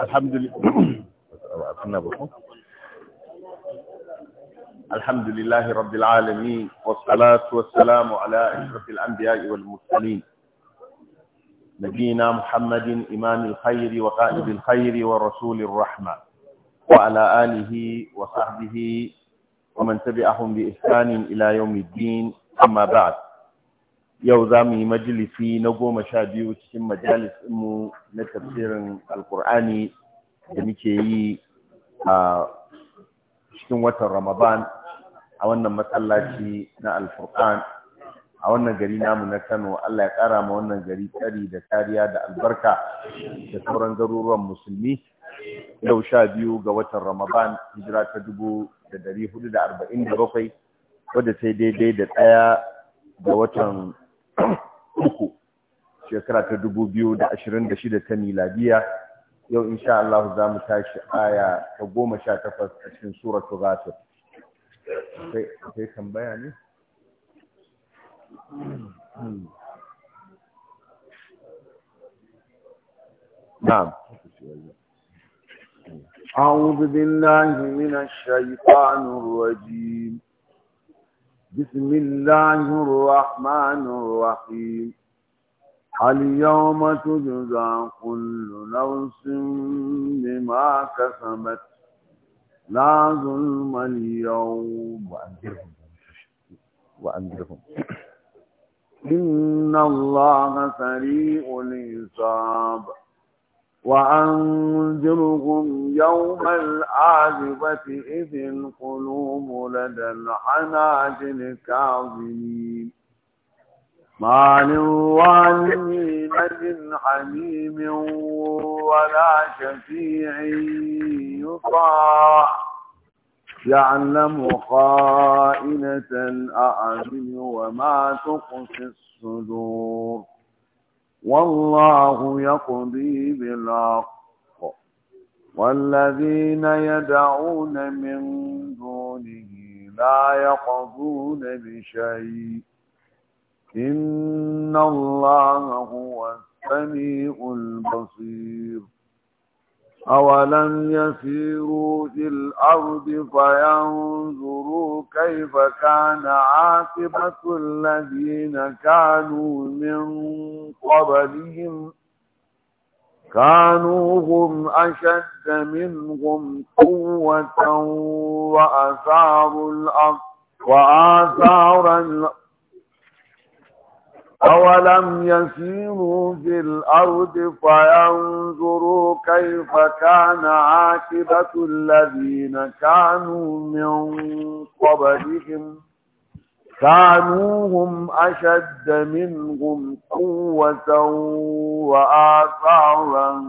الحمد لله الحمد لله رب العالمين والصلاة والسلام على أشرف الأنبياء والمرسلين نبينا محمد إمام الخير وقائد الخير ورسول الرحمة وعلى آله وصحبه ومن تبعهم بإحسان إلى يوم الدين أما بعد yau za mu yi majalisi na goma sha biyu cikin majalisinmu na tafsirin alkur'ani da muke yi a cikin watan ramadan a wannan matsalaci na alfurkan a wannan gari namu na kano allah ya kara ma wannan gari tsari da kariya da albarka da sauran garuruwan musulmi yau sha biyu ga watan ramadan hijira ta dubu da dari hudu da arba'in da bakwai wadda sai daidai da ɗaya ga watan uku shekara ta 2026 ta miladiya yau insha Allah za mu tashi aya ta 18 a cikin suratul ghafir sai tambaya ne نعم أعوذ بالله من الشيطان الرجيم بسم الله الرحمن الرحيم اليوم تجزى كل نفس بما كسبت لا ظلم اليوم وأنذرهم وأنذرهم إن الله سريع الحساب وأنذرهم يوم العاجبة إذ القلوب لدى الحناجر كاظمين ما للظالمين من حميم ولا شفيع يطاع يعلم خائنة الأعين وما تخفي الصدور والله يقضي بالحق والذين يدعون من دونه لا يقضون بشيء إن الله هو السميع البصير أولم يسيروا في الأرض فينظروا كيف كان عاقبة الذين كانوا من قبلهم كانوا هم أشد منهم قوة وأثاروا الأرض وآثار الأرض أولم يسيروا في الأرض فينظروا كيف كان عاقبة الذين كانوا من قبلهم كانوا هم أشد منهم قوة وآثارا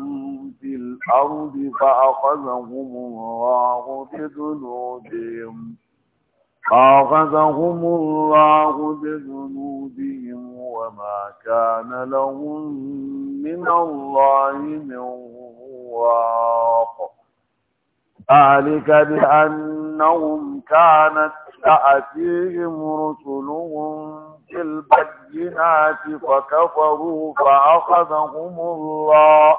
في الأرض فأخذهم الله بذنوبهم فأخذهم الله بذنوبهم وما كان لهم من الله من واق ذلك بأنهم كانت تأتيهم رسلهم بالبينات فكفروا فأخذهم الله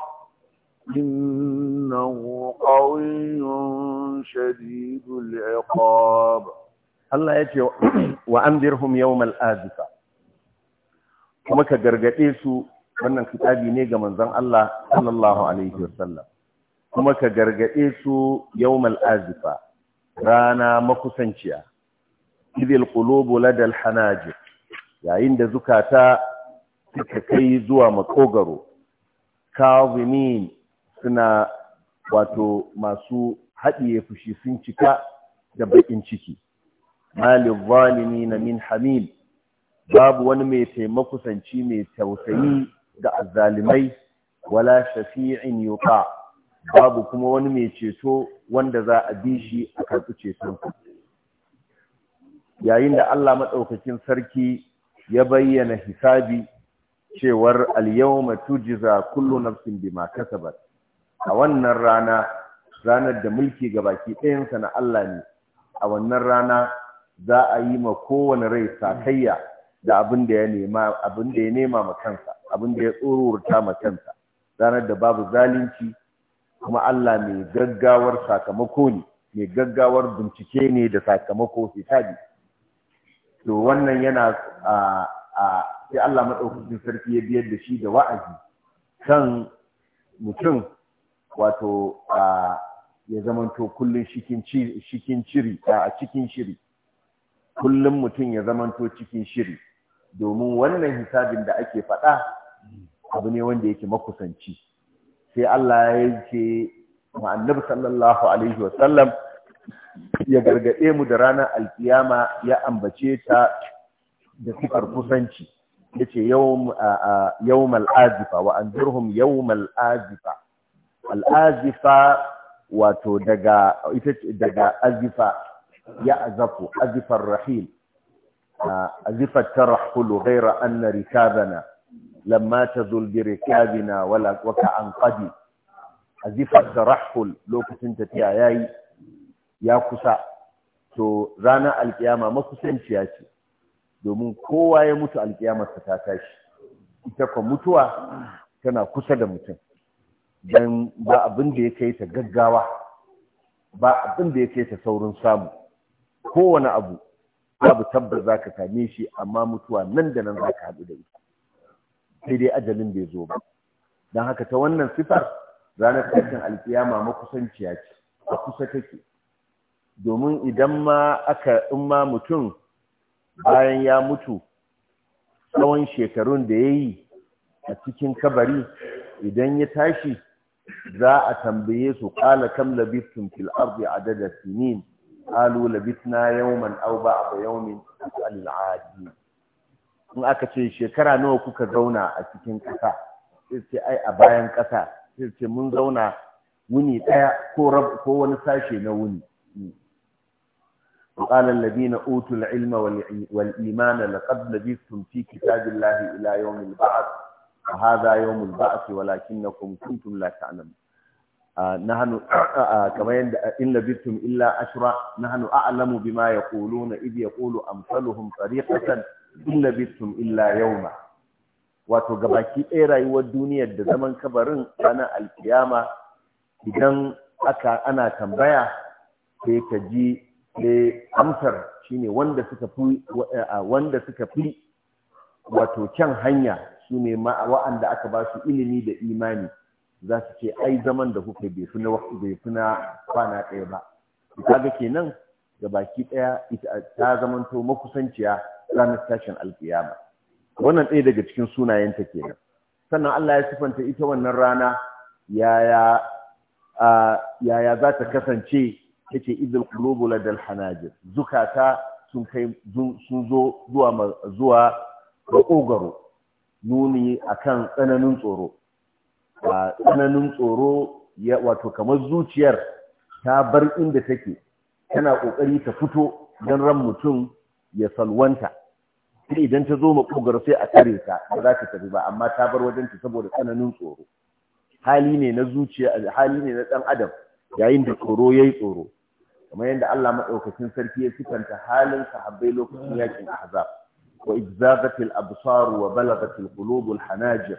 إنه قوي شديد العقاب Allah ya ce wa anzirhum yawmal azifa kuma ka gargade su wannan kitabi ne ga manzon Allah sallallahu alaihi wasallam kuma ka gargaɗe su yawmal azifa rana makusanciya idil qulubu ladal hanaji yayin da zukata suka kai zuwa makogaro kazimin suna wato masu haɗiye fushi sun cika da bakin ciki malin zalimi na min Hamil? babu wani mai taimakusanci mai tausayi ga azzalimai wala shafi'in yuqa babu kuma wani mai ceto wanda za a bi shi a karɓi ceton yayin da Allah maɗaukakin sarki ya bayyana hisabi cewar al-yawma tujza kullu nafsin bima kasabat a wannan rana ranar da mulki ga baki ɗayansa na Allah ne a wannan rana za a yi ma kowane rai sakayya da abin da ya nema abin da ya nema ma kansa abin da ya tsururta ma kansa ranar da babu zalunci kuma Allah mai gaggawar sakamako ne mai gaggawar bincike ne da sakamako hisabi to wannan yana a sai Allah madaukakin sarki ya biyar da shi da wa'azi kan mutum wato a ya zamanto kullum shikin shiri a cikin shiri kullum mutum ya zamanto cikin shiri domin wannan hisabin da ake faɗa abu ne wanda yake makusanci sai Allah ya ce ma annabi sallallahu alaihi wa sallam ya gargaɗe mu da ranar alkiyama ya ambace ta da sifar kusanci yace yawm al-azifa wa anzurhum yawm al-azifa al wato daga ita daga azifa يعزف أزف الرحيل أزف كل غير أن ركابنا لما تزل بركابنا ولا وكأن قدي أزف الترحل لو كنت تياي يا كسا to ranar alkiyama makusanciya ce domin kowa ya mutu alkiyamarsa ta tashi ita kuma mutuwa tana kusa da mutum dan ba abin da ya kai ta gaggawa ba abin da ya kai ta saurin samu kowane abu babu tabbas za ka same shi amma mutuwa nan da nan za ka haɗu da ita sai dai ajalin bai zo ba don haka ta wannan sifar ranar tashin alƙiyama makusanciya ce a kusa take domin idan ma aka in ma mutum bayan ya mutu tsawon shekarun da ya yi a cikin kabari idan ya tashi za a tambaye su ƙala kam labistum fil ardi adada sinin qalu labitna yawman aw ba'da yawmin al'adi in aka ce shekara nawa kuka zauna a cikin kasa sai ai a bayan ƙasa. sai mun zauna wuni ɗaya ko wani sashe na wuni qala alladhina utul ilma wal imana laqad labistum fi kitabillahi ila yawmil ba'd hadha yawmul ba'd walakinnakum kuntum la ta'lamun nahnu kamar yadda inna bitum illa ashra nahnu a'lamu bima yaquluna id yaqulu amsaluhum tariqatan inna bitum illa yawma wato gabaki ɗaya rayuwar duniyar da zaman kabarin ana alkiyama idan aka ana tambaya sai ka ji sai amsar shine wanda suka fi wanda suka fi wato kyan hanya shine wa'anda aka ba su ilimi da imani za su ce ai zaman da kuka bai fi na kwana ɗaya ba kaga kenan da baki ɗaya ta zamanto makusanciya ranar tashin alkiyama wannan ɗaya daga cikin sunayen sunayenta kenan sannan Allah ya sifanta ita wannan rana yaya yaya za ta kasance ce idil qulubu dal hanajir zukata sun kai sun zo zuwa zuwa makogaro nuni akan tsananin tsoro tsananin tsoro wato kamar zuciyar ta bar inda take tana ƙoƙari ta fito don ran mutum ya salwanta sai idan ta zo makogar sai a tare ta ba za ta tafi ba amma ta bar wajen ta saboda tsananin tsoro hali ne na zuciya hali ne na ɗan adam yayin da tsoro yayi tsoro kamar yadda Allah madaukakin sarki ya sifanta halin sahabbai lokacin yakin ahzab wa izzabatil absar wa balagatil qulubul hanajir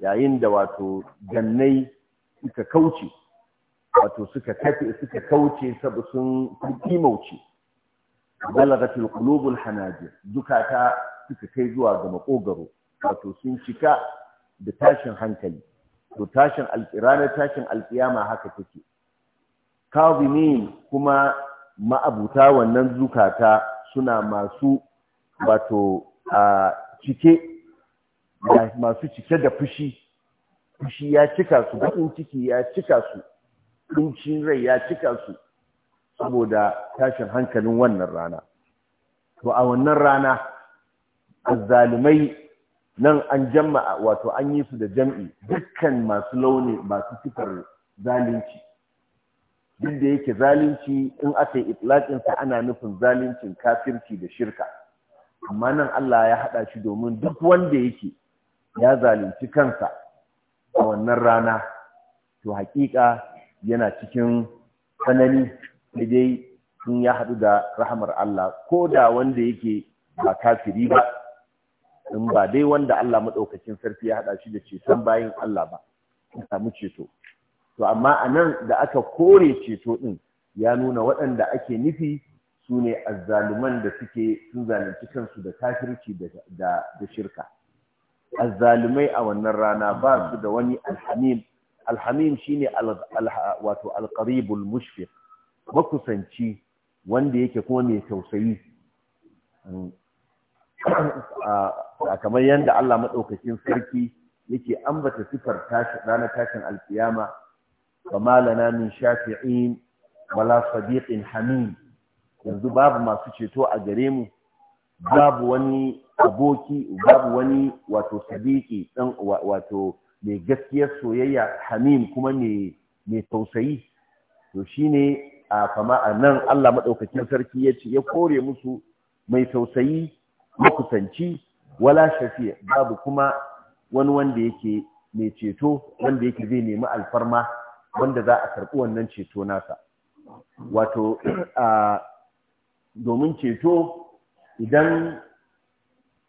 yayin da wato gannai suka kauce wato suka kafe suka kauce sabu sun kimauce balagatil qulubul hanajir dukata suka kai zuwa ga makogaro wato sun cika da tashin hankali to tashin alqirana tashin alƙiyama haka take kazimin kuma ma'abuta wannan zukata suna masu wato a cike masu cike da fushi fushi ya cika su baƙin ciki ya cika su ɗuncin rai ya cika su saboda tashin hankalin wannan rana to a wannan rana azzalumai nan an jama'a wato an yi su da jam'i dukkan masu launi masu cikar zalunci duk da yake zalunci in aka yi itlaƙinsa ana nufin zaluncin kafirci da shirka amma nan Allah ya haɗa shi domin duk wanda yake ya zalunci kansa a wannan rana to haƙiƙa yana cikin tsanani da dai sun ya haɗu da rahamar Allah ko da wanda yake ba kafiri ba in ba dai wanda Allah maɗaukacin sarki ya haɗa shi da ceton bayan Allah ba ya samu ceto to amma a nan da aka kore ceto ɗin ya nuna waɗanda ake nufi su ne azzaluman da suke sun zalunci kansu da kafirci da shirka azzalumai a wannan rana ba su da wani alhamim alhamim shine wato alqaribul mushfiq makusanci wanda yake kuma mai tausayi ah, a kamar yadda Allah madaukakin sarki yake ambata sifar tashi ranar tashin alkiyama fama lana min shafi'in wala sadiqin hamim yanzu babu masu ceto a gare mu babu wani aboki babu wani wato sadiki dan wato mai gaskiyar soyayya hamim kuma mai tausayi to shine a kama a nan Allah madaukakin sarki ya ce ya kore musu mai tausayi makusanci wala shafiya babu kuma wani wanda yake mai ceto wanda yake zai nemi alfarma wanda za a karɓi wannan ceto nasa wato domin ceto idan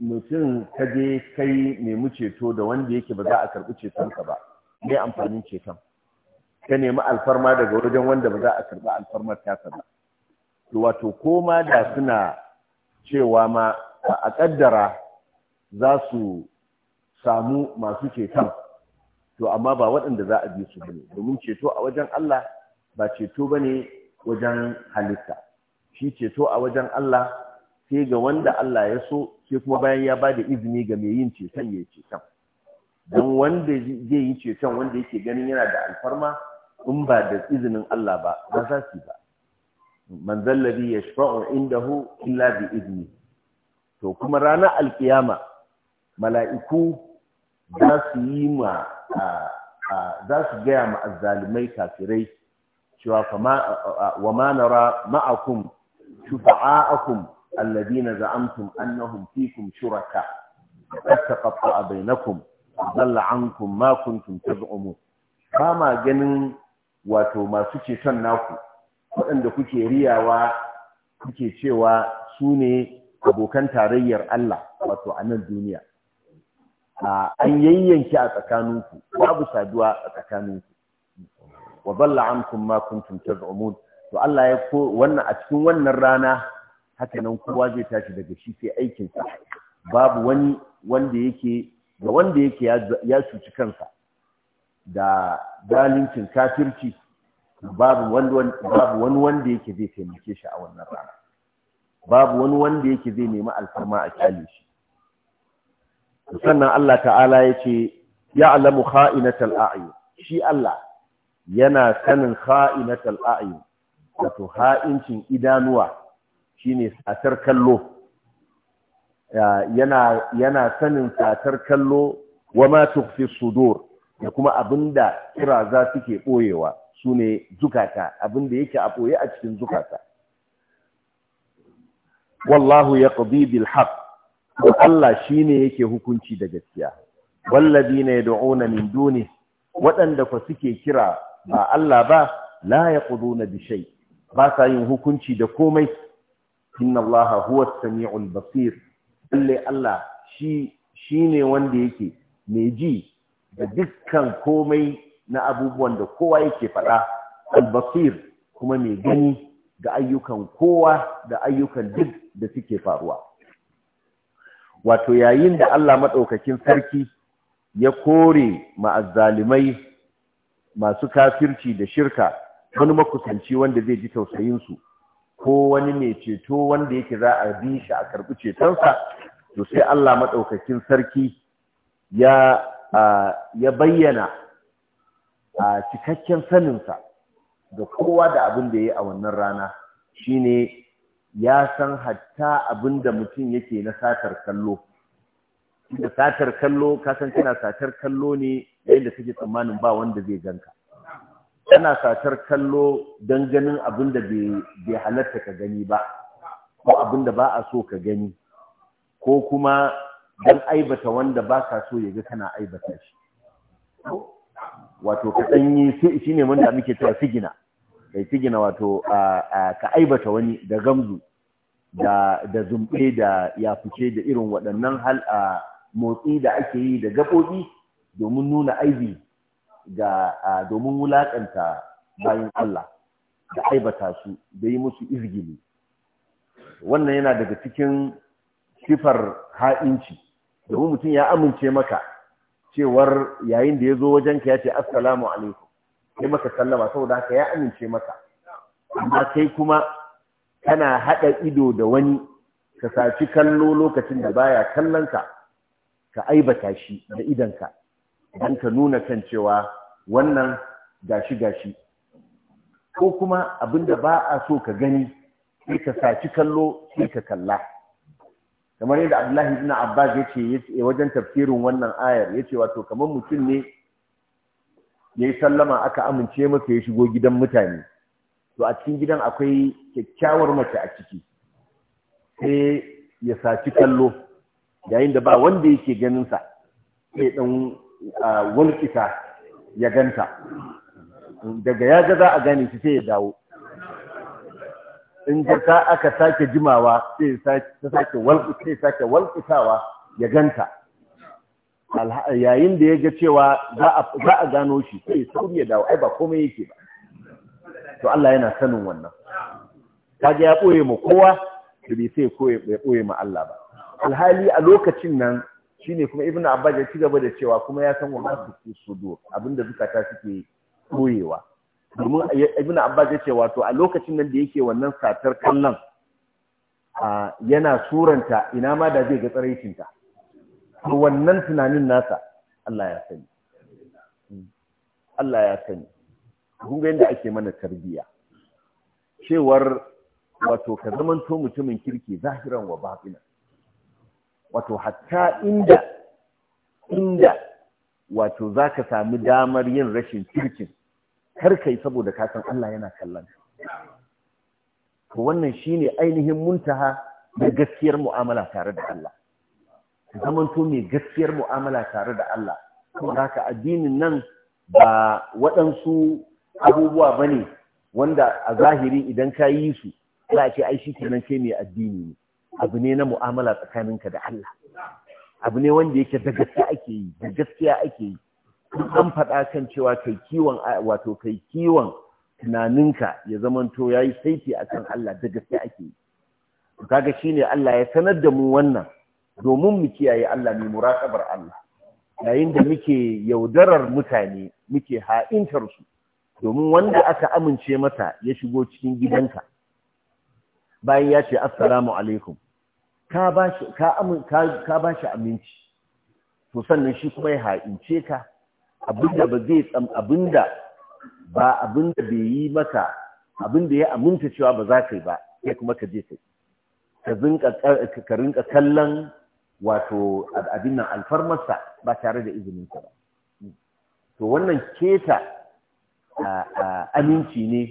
mutum ta je kai nemi ceto da wanda yake ba za a karɓi cetonka ba mai amfanin ceton ka nemi alfarma daga wajen wanda ba za a karɓi alfarmar tasa ba wato ko ma da suna cewa ma a ƙaddara za su samu masu ceton to amma ba waɗanda za a bi su ba ne. domin ceto a wajen Allah ba ceto ba ne wajen halitta shi ceto a wajen Allah sai ga wanda Allah ya so sai kuma bayan ya ba da izini ga mai yin ceton ya yi ceton don wanda zai yi ceton wanda yake ganin yana da alfarma in ba da izinin Allah ba ba za su ba man zallabi ya shafa'u hu illa bi izini to kuma ranar alkiyama mala'iku za su yi ma za su gaya ma azzalumai kafirai cewa wa ma nara ma'akum shufa'a'akum alladina za'amtum annahum fikum shuraka qad taqatta'a bainakum dalla ankum ma kuntum taz'umun ba ma wato masu ceton naku waɗanda kuke riyawa kuke cewa su ne abokan tarayyar Allah wato a nan duniya an yayyanki a tsakaninku babu saduwa a tsakaninku wa dalla ankum ma kuntum taz'umun to Allah ya ko wannan a cikin wannan rana haka nan kowa zai tashi daga shi sai aikinsa babu wani wanda yake ga wanda yake ya cuci kansa da zalincin kafirci babu wani wanda yake zai taimake shi a wannan rana babu wani wanda yake zai nemi alfarma a kyale shi sannan Allah ta'ala ya ce ya'lamu kha'inatal a'yun shi Allah yana sanin kha'inatal a'yun wato ha'incin idanuwa shine satar kallo yana yana sanin satar kallo wama tukfi sudur da kuma abinda za suke boyewa sune zukata abinda yake a boye a cikin zukata wallahu yaqdi bil haqq Allah shine yake hukunci da gaskiya walladina yad'una min duni waɗanda fa suke kira ba Allah ba la yaquduna bi shay ba sa yin hukunci da komai inna Allah huwa sami'ul basir lalle Allah shi shine wanda yake mai ji da dukkan komai na abubuwan da kowa yake fada, al-basir kuma mai gani ga ayyukan kowa da ayyukan duk da suke faruwa wato yayin da Allah madaukakin sarki ya kore ma'azzalimai masu kafirci da shirka wani makusanci wanda zai ji tausayinsu. ko wani mai ceto wanda yake za a bi shi a karɓi cetonsa to sai Allah maɗaukakin sarki ya bayyana a cikakken saninsa da kowa da abin da ya yi a wannan rana shine ya san hatta abin da mutum yake na satar kallo da satar kallo kasan kana satar kallo ne yayin da kake tsammanin ba wanda zai ganka kana satar kallo don ganin abin da bai halatta ka gani ba ko abin da ba a so ka gani ko kuma don aibata wanda ba ka so ya ga kana aibata shi wato ka ɗanyi shi ne wanda muke cewa sigina kai sigina wato ka aibata wani da gamzu da zumbe da ya fice da irin waɗannan hal a motsi da ake yi da gaɓoɓi domin nuna aibi ga domin wulaƙanta bayan Allah da aibata su da yi musu izgili wannan yana daga cikin sifar ha'inci domin mutum ya amince maka cewar yayin da ya zo wajenka ya ce assalamu alaikum sai maka sallama saboda haka ya amince maka amma kai kuma kana haɗa ido da wani ka saci kallo lokacin da baya kallonka ka aibata shi da idanka don ka nuna kan cewa wannan gashi-gashi ko kuma abin da ba a so ka gani sai ka saci kallo sai ka kalla kamar yadda abdullahi ibn abbas ya ce wajen tafsirin wannan ayar ya ce wato kamar mutum ne ya yi sallama aka amince masa ya shigo gidan mutane to a cikin gidan akwai kyakkyawar mace a ciki sai ya saci kallo yayin da ba wanda yake ganin sa sai dan Walƙisa ya ganta daga ya ga za a gane shi sai ya dawo in ta aka sake jimawa sai sake walƙisawa ya ganta yayin da ya ga cewa za a gano shi sai sauri ya dawo ai ba komai yake ba to Allah yana sanin wannan ga ya ɓoye ma kowa da bai sai ya ɓoye ma Allah ba alhali a lokacin nan Shi ne kuma Ibn abbas ya ci gaba da cewa kuma ya san wa su su sudur abinda zukata suke koyewa domin Ibn abbas ya ce wato a lokacin nan da yake wannan satar kallon yana suranta ina ma da zai ga tsaraicinta to wannan tunanin nasa Allah ya sani Allah ya sani kun ga yadda ake mana tarbiya cewar wato ka zamanto mutumin kirki zahiran wa batina wato hatta inda inda wato za ka sami damar yin rashin kirkin karkai kai saboda kasan Allah yana kallon to wannan shine ainihin muntaha da gaskiyar mu'amala tare da Allah to mai gaskiyar mu'amala tare da Allah kuma haka addinin nan ba waɗansu abubuwa bane wanda a zahiri idan ka yi su za a ce kenan sai mai addini ne abu ne na mu'amala tsakaninka da Allah abu ne wanda yake da gaske ake yi da gaskiya ake yi an faɗa kan cewa kai kiwon wato kai kiwon tunaninka ya zamanto yayi saiti akan Allah da gaske ake yi kaga shine Allah ya sanar da mu wannan domin mu kiyaye Allah mai muraqabar Allah yayin da muke yaudarar mutane muke ha'intar su domin wanda aka amince mata ya shigo cikin gidanka bayan ya ce assalamu alaikum ka ba shi aminci to sannan shi kuma ya ha'ince ka abinda ba zai tsam abinda ba abinda bai yi maka abinda ya aminta cewa ba za ka yi ba ya kuma ka je ka ka rinka ka kallon wato abin nan alfarmarsa ba tare da izinin ka ba to wannan keta aminci ne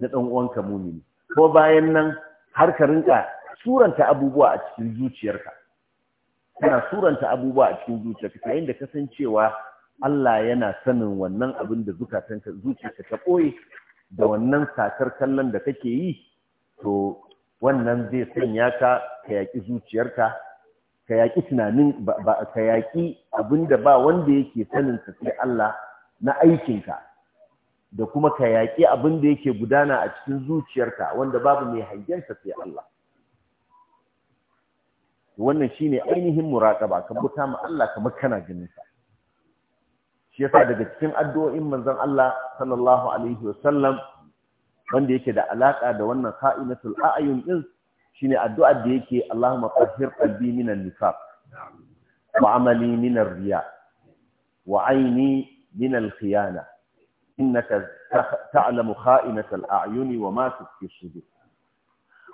na ɗan uwanka mumini ko bayan nan har ka rinka suranta abubuwa a cikin zuciyarka kana suranta abubuwa a cikin zuciyarka yayin da kasancewa Allah yana sanin wannan abin da zukatanka zuciyarka ta koyi da wannan sakar kallon da kake yi to wannan zai sanya ka ka yaƙi zuciyarka ka yaƙi tunanin ba ka yaƙi abin ba wanda yake sanin ka sai Allah na aikinka da kuma ka yaƙi abin yake gudana a cikin zuciyarka wanda babu mai hangensa sai Allah wannan shine ainihin muraƙaba ka buta ma Allah kamar kana ganin sa shi yasa daga cikin addu'o'in manzon Allah sallallahu alaihi sallam wanda yake da alaka da wannan kha'inatul a'yun din shine addu'ar da yake Allahumma tahhir qalbi minan nifaq wa amali minar riya wa aini minal khiyana innaka ta'lamu kha'inatal a'yuni wa ma tukfi sudur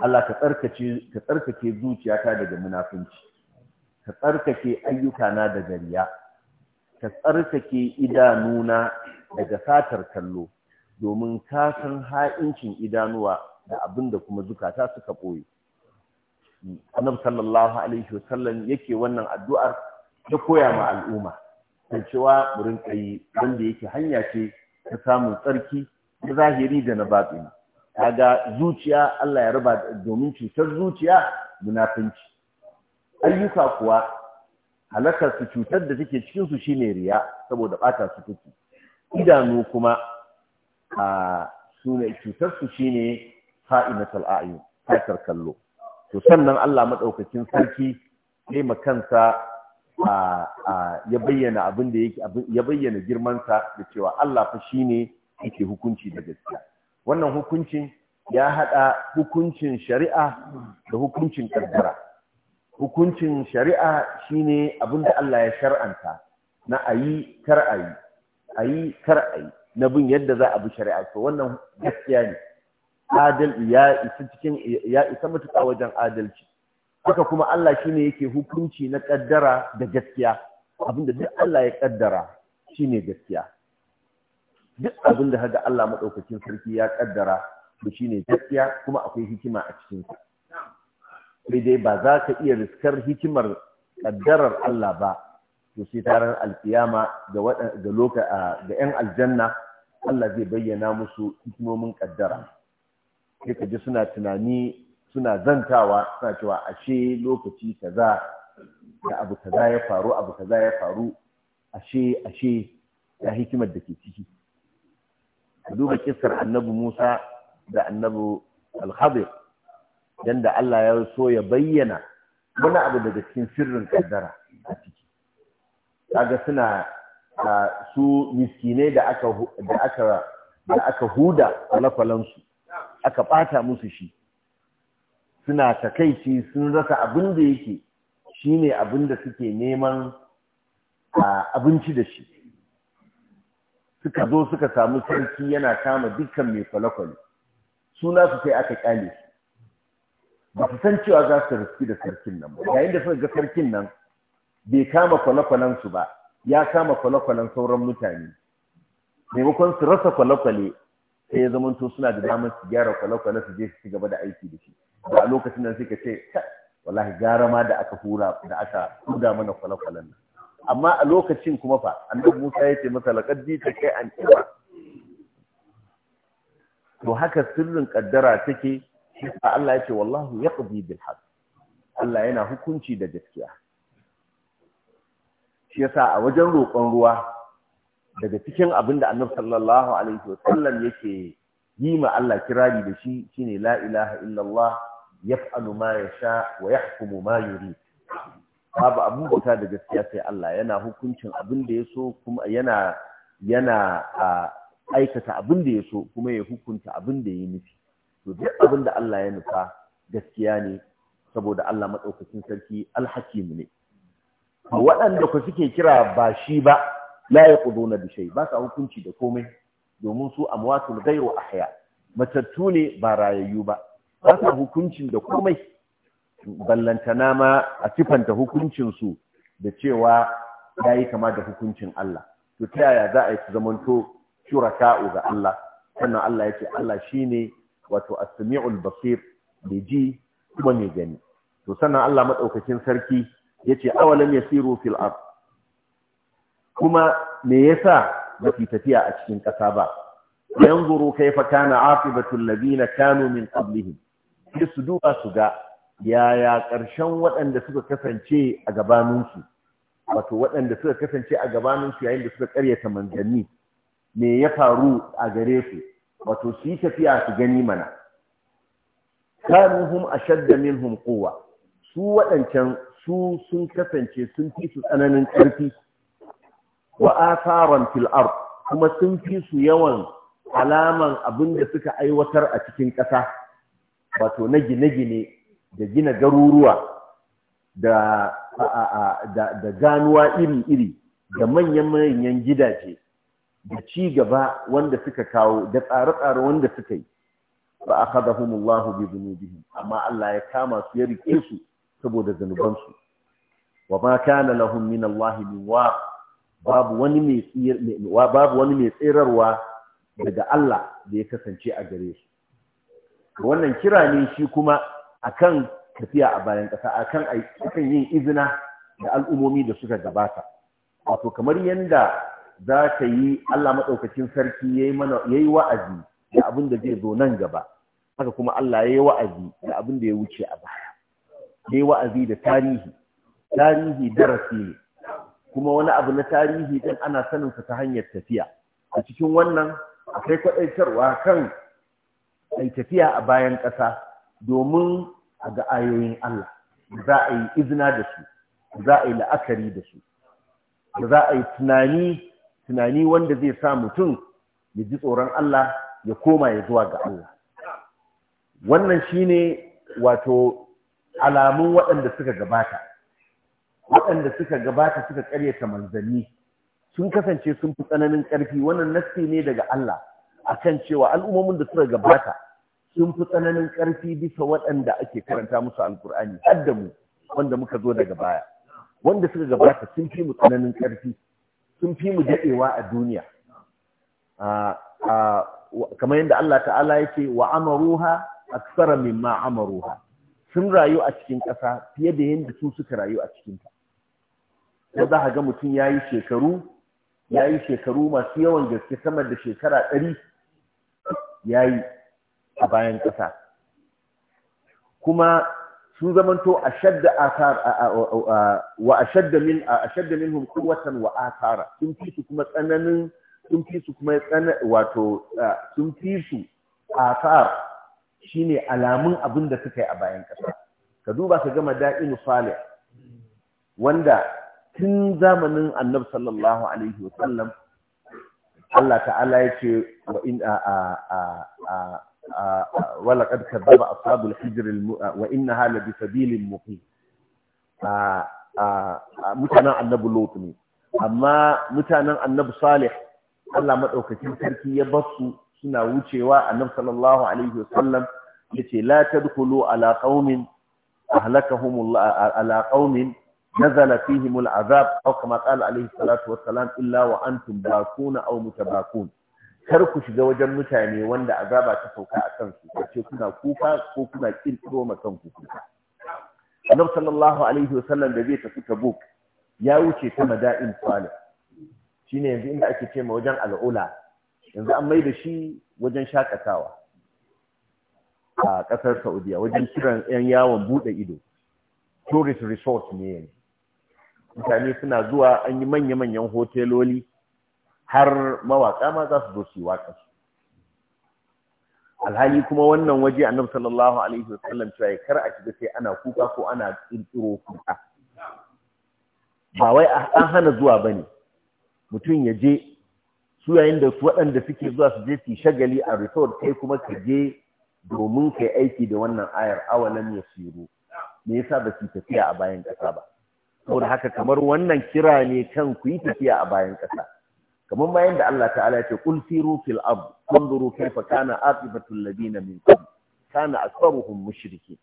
Allah ka tsarkake ka tsarkake zuciyata daga munafunci ka tsarkake ayyukana daga riya ka tsarkake idanuna daga satar kallo domin ka san ha'incin idanuwa da abinda kuma zukata suka ɓoye annabi sallallahu alaihi wasallam yake wannan addu'ar ta koya ma al'umma kan cewa mu rinka wanda yake hanya ce ta samun tsarki ta zahiri da na batini kaga zuciya Allah ya raba domin cutar zuciya munafinci ayyuka kuwa halakar su cutar da take cikin su shine riya saboda bata su take idanu kuma a sune cutar su shine fa'inatul a'yun fatar kallo to sannan Allah madaukakin sarki sai makansa ya bayyana abin da yake ya bayyana girman sa da cewa Allah fa shine yake hukunci da gaskiya wannan hukuncin ya haɗa hukuncin shari'a da hukuncin ƙaddara hukuncin shari'a shine abinda Allah ya shar'anta na ayi kar ayi ayi kar ayi na bin yadda za a bi shari'a to wannan gaskiya ne adal ya isa cikin ya isa wajen adalci haka kuma Allah shine yake hukunci na ƙaddara da gaskiya abinda duk Allah ya ƙaddara shine gaskiya duk abin da haga Allah maɗaukakin sarki ya ƙaddara to shine gaskiya kuma akwai hikima a cikinsa sai dai ba za ka iya riskar hikimar ƙaddarar Allah ba to sai taron alkiyama ga ga loka ga ƴan aljanna Allah zai bayyana musu hikimomin ƙaddara sai ka ji suna tunani suna zantawa suna cewa ashe lokaci kaza da abu kaza ya faru abu kaza ya faru ashe ashe ya hikimar da ke ciki ka duba kisar annabi Musa da annabi Al-Khadir yanda Allah ya so ya bayyana wani abu daga cikin sirrin kaddara a ciki kaga suna su miskinai da aka da aka da aka huda su aka bata musu shi suna takaici sun rasa abin yake shine abin da suke neman abinci da shi suka zo suka samu sarki yana kama dukkan mai kwale-kwale suna su sai aka kyale su ba su san cewa za su riski da sarkin nan ba yayin da suka ga sarkin nan bai kama kwale-kwalen su ba ya kama kwale-kwalen sauran mutane maimakon su rasa kwale-kwale sai ya to suna da damar su gyara kwale-kwale su je su ci gaba da aiki da shi ba a lokacin nan suka ce wallahi gara ma da aka hura da aka huda mana kwale-kwalen nan amma a lokacin kuma fa annabi Musa ya ce masa laqad ta kai an tiba to haka sirrin kaddara take shi Allah ya ce wallahu yaqdi bil haqq Allah yana hukunci da gaskiya shi yasa a wajen roƙon ruwa daga cikin abin da annabi sallallahu alaihi wasallam yake yi ma Allah kirari da shi shine la ilaha illallah yaf'alu ma yasha wa yahkumu ma yurid babu abin bauta da gaskiya sai Allah yana hukuncin abin da ya so kuma yana yana aikata abin da ya so kuma ya hukunta abin da ya nufi to duk abin da Allah ya nufa gaskiya ne saboda Allah madaukakin sarki alhakim ne waɗanda ku suke kira ba shi ba la yaquduna bi shay ba sa hukunci da komai domin su amwatul ghayru ahya matattu ne ba rayayyu ba ba sa hukuncin da komai ballantana ma a sifanta hukuncinsu da cewa ya yi kama da hukuncin Allah to ta yaya za a yi su zamanto shuraka'u ga Allah sannan Allah ya ce Allah shine wato as-sami'ul basir da ji kuma mai gani to sannan Allah madaukakin sarki yace awalam yasiru fil ard kuma me yasa ba su tafiya a cikin ƙasa ba na kaifa kana labi na kanu min qablihim su duba su ga yaya ƙarshen waɗanda suka kasance a gabaninsu wato waɗanda suka kasance a gabaninsu yayin da suka ƙaryata manzanni me ya faru a gare su wato su yi tafiya su gani mana kanuhum ashadda minhum quwwa su waɗancan su sun kasance sun fi su tsananin ƙarfi wa atharan fil ard kuma sun fi su yawan alaman abin da suka aiwatar a cikin ƙasa wato na gine-gine da gina garuruwa da ganuwa iri-iri da manyan-manyan gidaje da ci gaba wanda suka kawo da tsare-tsare wanda suka yi ba a kada humullahu bi amma Allah ya kama su ya rike su saboda zunubansu wa ka kana lahun min Allah babu wani mai tserarwa daga Allah da ya kasance a gare su wannan kira ne shi kuma akan tafiya a bayan ƙasa akan kan yin izina da al'umomi da suka gabata wato kamar yadda za ta yi Allah maɗaukacin sarki ya yi wa'azi da abin da zai zo nan gaba haka kuma Allah ya yi wa'azi da abin da ya wuce a baya Ya yi wa'azi da tarihi tarihi darasi ne kuma wani abu na tarihi ɗin ana sanin ta hanyar tafiya a cikin wannan akwai kwaɗaitarwa kan tafiya a bayan ƙasa domin a ga ayoyin Allah za a yi izina da su za a yi la'akari da su da za a yi tunani tunani wanda zai sa mutum ya ji tsoron Allah ya koma ya zuwa ga Allah wannan shi ne wato alamun waɗanda suka gabata waɗanda suka gabata suka ƙaryata manzanni sun kasance sun fi tsananin ƙarfi wannan nassi ne daga Allah a kan cewa al'ummomin da suka gabata sun fi tsananin ƙarfi bisa waɗanda ake karanta musu alƙur'ani hadda mu wanda muka zo daga baya wanda suka gabata sun fi mu tsananin ƙarfi sun fi mu daɗewa a duniya kamar yadda Allah ta'ala Ya ce, wa amaruha aksara mimma amaruha sun rayu a cikin ƙasa fiye da yadda su suka rayu a cikin ta. ko za ka ga mutum ya yi shekaru ya yi shekaru masu yawan gaske sama da shekara ɗari ya yi a bayan ƙasa kuma sun zamanto a shadda asar wa a shadda min a shadda min minhum watan wa asara sun fi su kuma tsananin sun fi su kuma tsana wato sun fi su asar ne alamun abin da suka yi a bayan ƙasa ka duba ka gama da'in salih wanda tun zamanin annabi sallallahu alaihi wa sallam Allah ta'ala yake wa in a a a ولقد كذب أصحاب الحجر الم... وإنها لبسبيل مقيم mutanen annabi Lot ne amma mutanen annabi Salih Allah madaukakin sarki ya basu suna wucewa annabi sallallahu alaihi wasallam yace la tadkhulu ala qaumin ahlakahum ala qaumin nazala fihim al'azab aw kama qala alaihi salatu wassalam illa wa antum bakuna aw mutabakun kar ku shiga wajen mutane wanda azaba ta sauka a kan su, ce kuna kuka ko kuna kirkiro ma kanku kuka annabi sallallahu alaihi sallam da zai tafi tabuk ya wuce ta mada'in salih shine yanzu inda ake ce ma wajen al'ula yanzu an mai da shi wajen shakatawa a kasar saudiya wajen kiran yan yawon bude ido tourist resort ne mutane suna zuwa an yi manya-manyan hoteloli har mawaƙa ma za su zo su yi waƙa alhali kuma wannan waje annabi sallallahu alaihi wa sallam cewa kar a shiga sai ana kuka ko ana ƙirƙiro kuka ba wai an hana zuwa bane mutum ya je su yayin da su waɗanda suke zuwa su je su shagali a resort kai kuma ka je domin ka yi aiki da wannan ayar awalan ya siru me yasa ba su tafiya a bayan ƙasa ba saboda haka kamar wannan kira ne kan ku yi tafiya a bayan ƙasa kamar bayan da Allah ta'ala ya ce qul siru fil ard fanzuru kayfa kana aqibatul ladina min qabl kana aktharuhum mushrikin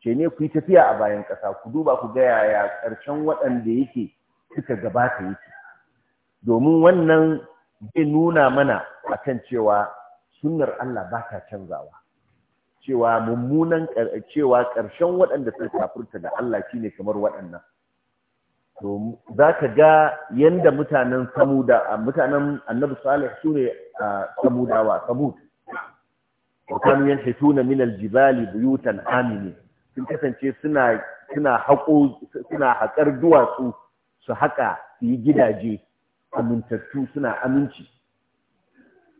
ce ne ku yi tafiya a bayan ƙasa ku duba ku ga yaya ƙarshen waɗanda yake suka gabata yake domin wannan zai nuna mana akan cewa sunnar Allah ba ta canzawa cewa mummunan cewa ƙarshen waɗanda suka kafirta da Allah shine kamar waɗannan za ka ga yadda mutanen samuda mutanen annabi salih su ne samudawa samud wakanu yan tuna minal Jibali, buyutan amini sun kasance suna haƙar duwatsu su haƙa su yi gidaje amintattu suna aminci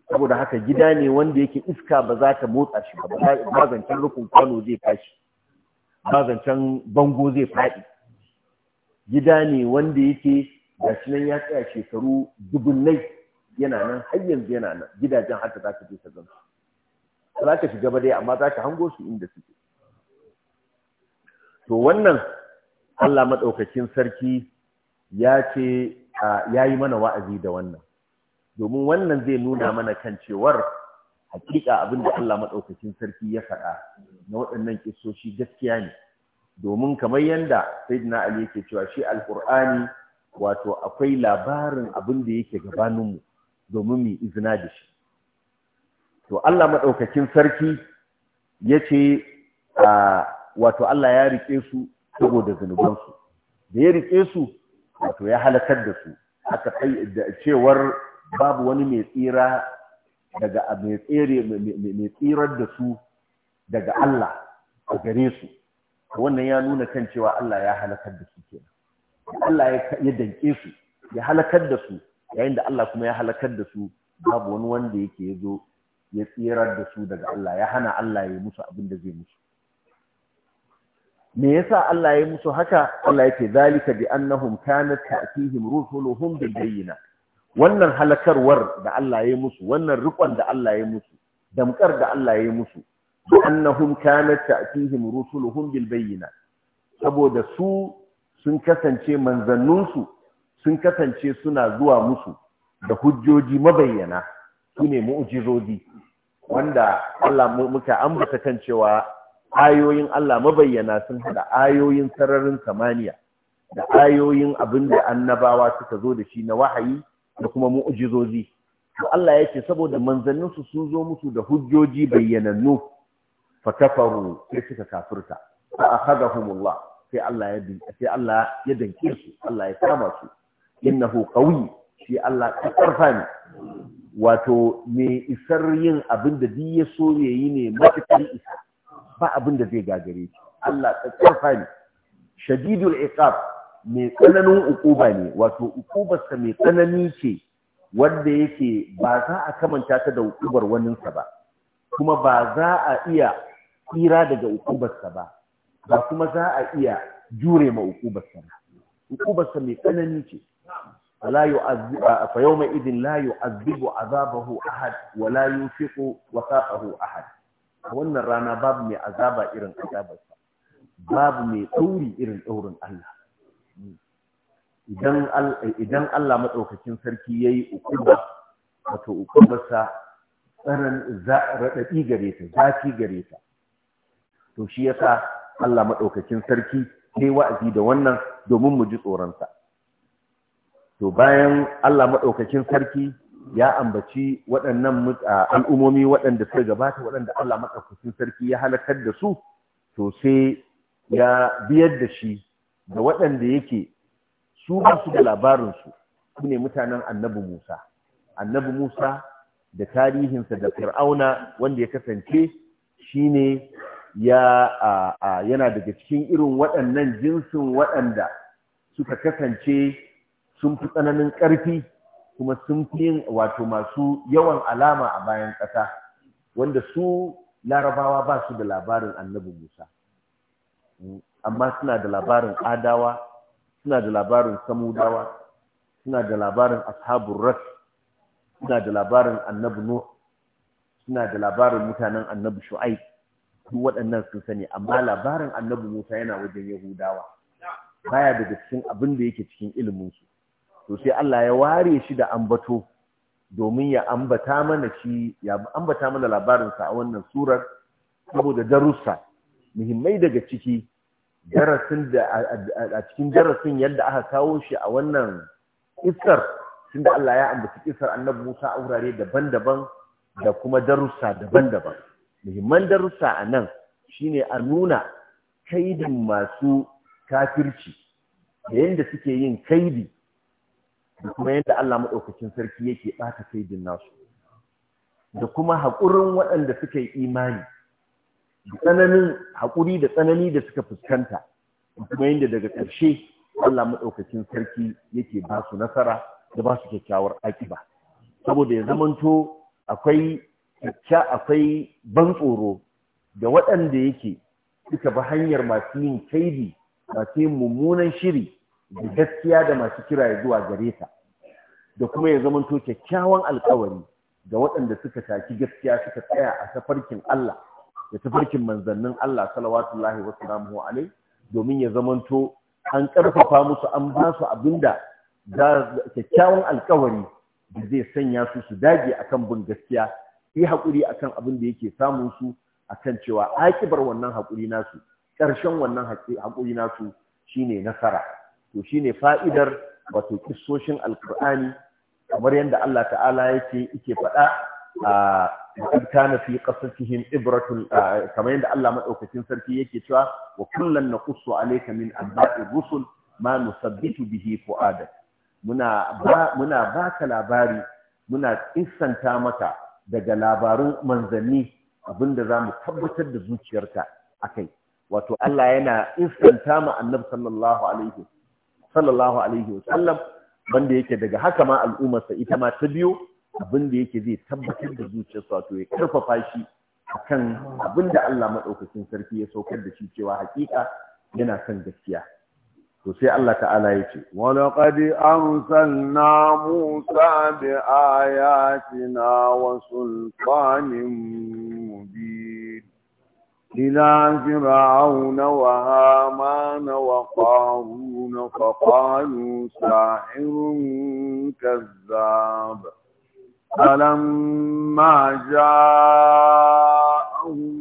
saboda haka gida ne wanda yake iska ba za ta motsa shi ba ba zancen rukun kwano zai fashi ba zancen bango zai faɗi gida ne wanda yake ga shi nan ya tsaya shekaru dubunnai yana nan har yanzu yana nan gidajen haka za ka je ka gan su za ka shiga ba dai amma za ka hango su inda suke to wannan Allah maɗaukakin sarki ya ce ya yi mana wa'azi da wannan domin wannan zai nuna mana kan cewar hakika abin da Allah maɗaukakin sarki ya faɗa na waɗannan kisoshi gaskiya ne domin kamar yadda sayyidina ali yake cewa shi alqur'ani wato akwai labarin abin da yake gabaninmu domin mu izina da shi to Allah madaukakin sarki yace wato Allah ya rike su saboda zunubansu. da ya rike su wato ya halakar da su aka da cewar babu wani mai tsira daga mai tsirar da su daga Allah a gare su wannan ya nuna kan cewa Allah ya halakar da su kenan Allah ya danke su ya halakar da su yayin da Allah kuma ya halakar da su babu wani wanda yake ya zo ya tsirar da su daga Allah ya hana Allah ya musu abin da zai musu me yasa Allah ya musu haka Allah yake zalika bi annahum kanat ta'tihim ruhuluhum bil bayyinat wannan halakarwar da Allah ya musu wannan riƙon da Allah ya musu damkar da Allah ya musu annahum kanat ta'tihim rusuluhum bil bayyinat saboda su sun kasance manzannunsu sun kasance suna zuwa musu da hujjoji mabayyana su ne wanda Allah muka ambata kan cewa ayoyin Allah mabayyana sun hada ayoyin sararin samaniya da ayoyin abin da annabawa suka zo da shi na wahayi da kuma mu'jizozi to Allah yake saboda manzanninsu sun zo musu da hujjoji bayyanannu fakafaru sai suka kafirta fa akhadahumullah sai Allah ya bi sai Allah ya danke su Allah ya kama su innahu qawi shi Allah ya karfa ne wato me isar yin abin da duk ya so yayi ne matakar isa ba abin da zai gagare shi Allah ya karfa ne shadidul iqab mai tsananin ukuba ne wato ukubarsa mai tsanani ce wanda yake ba za a kamanta ta da ukubar waninsa ba kuma ba za a iya tsira daga ukubarsa ba ba kuma za a iya jure ma ukubarsa ba ukubarsa mai tsanani ce mai فلا يعذب فيومئذ azabahu ahad wa layu ولا يوثق ahad. A wannan rana babu mai azaba irin azabarsa babu mai ɗauri irin ɗaurin Allah idan idan Allah madaukakin sarki yayi ukuba wato ukubarsa tsaran raɗaɗi gare ta zafi gare ta to shi yasa Allah madaukakin sarki sai wa'azi da wannan domin mu ji tsoronsa to bayan Allah madaukakin sarki ya ambaci waɗannan al'umomi waɗanda suka gabata waɗanda Allah madaukakin sarki ya halakar da su to sai ya biyar da shi da waɗanda yake su ba su da labarinsu su ne mutanen annabi Musa annabi Musa da tarihinsa da fir'auna wanda ya kasance shi ne ya yana daga cikin irin waɗannan jinsin waɗanda suka kasance sun fi tsananin ƙarfi kuma sun fi yin wato masu yawan alama a bayan ƙasa wanda su larabawa ba su da labarin annabi musa amma suna da labarin adawa suna da labarin samudawa suna da labarin ashabun ras suna da labarin annabi nuh suna da labarin mutanen annabi shu'aib duk waɗannan sun sani amma labarin annabi Musa yana wajen Yahudawa baya daga cikin abin da yake cikin ilimin su to sai Allah ya ware shi da ambato domin ya ambata mana shi ya ambata mana labarin sa a wannan surar saboda darussa muhimmai daga ciki darasin da a cikin darasin yadda aka kawo shi a wannan isar tunda Allah ya ambaci isar annabi Musa a wurare daban-daban da kuma darussa daban-daban muhimman darussa a nan ne a nuna kaidin masu kafirci da yadda suke yin kaidi da kuma yadda Allah maɗaukacin sarki yake ɓata kaidin nasu da kuma haƙurin waɗanda suka yi imani da tsananin haƙuri da tsanani da suka fuskanta da kuma yadda daga ƙarshe Allah maɗaukacin sarki yake ba su nasara da ba su kyakkyawar aƙiba saboda ya zamanto akwai kacca akwai ban tsoro da waɗanda yake suka bi hanyar masu yin kaidi masu yin mummunan shiri da gaskiya da masu kira ya zuwa gare ta da kuma ya zamanto kyakkyawan alkawari da waɗanda suka taki gaskiya suka tsaya a tafarkin Allah da tafarkin manzannin Allah salawatullahi wa salamuhu alai domin ya zamanto an ƙarfafa musu an ba su abinda da kyakkyawan alkawari da zai sanya su su dage akan bin gaskiya yi haƙuri akan abin da yake samun su akan cewa aƙibar wannan haƙuri nasu ƙarshen wannan haƙuri nasu shine nasara to shine fa'idar wato kissoshin alqur'ani kamar yadda Allah ta'ala yake yake faɗa a na fi qasasihim ibratun kamar yadda Allah maɗaukacin sarki yake cewa wa kullan naqussu alaika min anba'i rusul ma nusabbitu bihi fu'adak muna ba muna baka labari muna isanta maka daga labarun manzanni abinda za mu tabbatar da zuciyarka a kai wato Allah yana iskanta mu annabi sallallahu alaihi sallallahu alaihi wasallam wanda yake daga haka ma al'ummarsa ita ma ta biyo abinda yake zai tabbatar da zuciyarsa wato ya karfafa shi akan abinda Allah madaukakin sarki ya saukar da shi cewa hakika yana son gaskiya وسي الله تعالى يجي ولقد أرسلنا موسى بآياتنا وسلطان مبين إلى فرعون وهامان وقارون فقالوا ساحر كذاب فلما جاءهم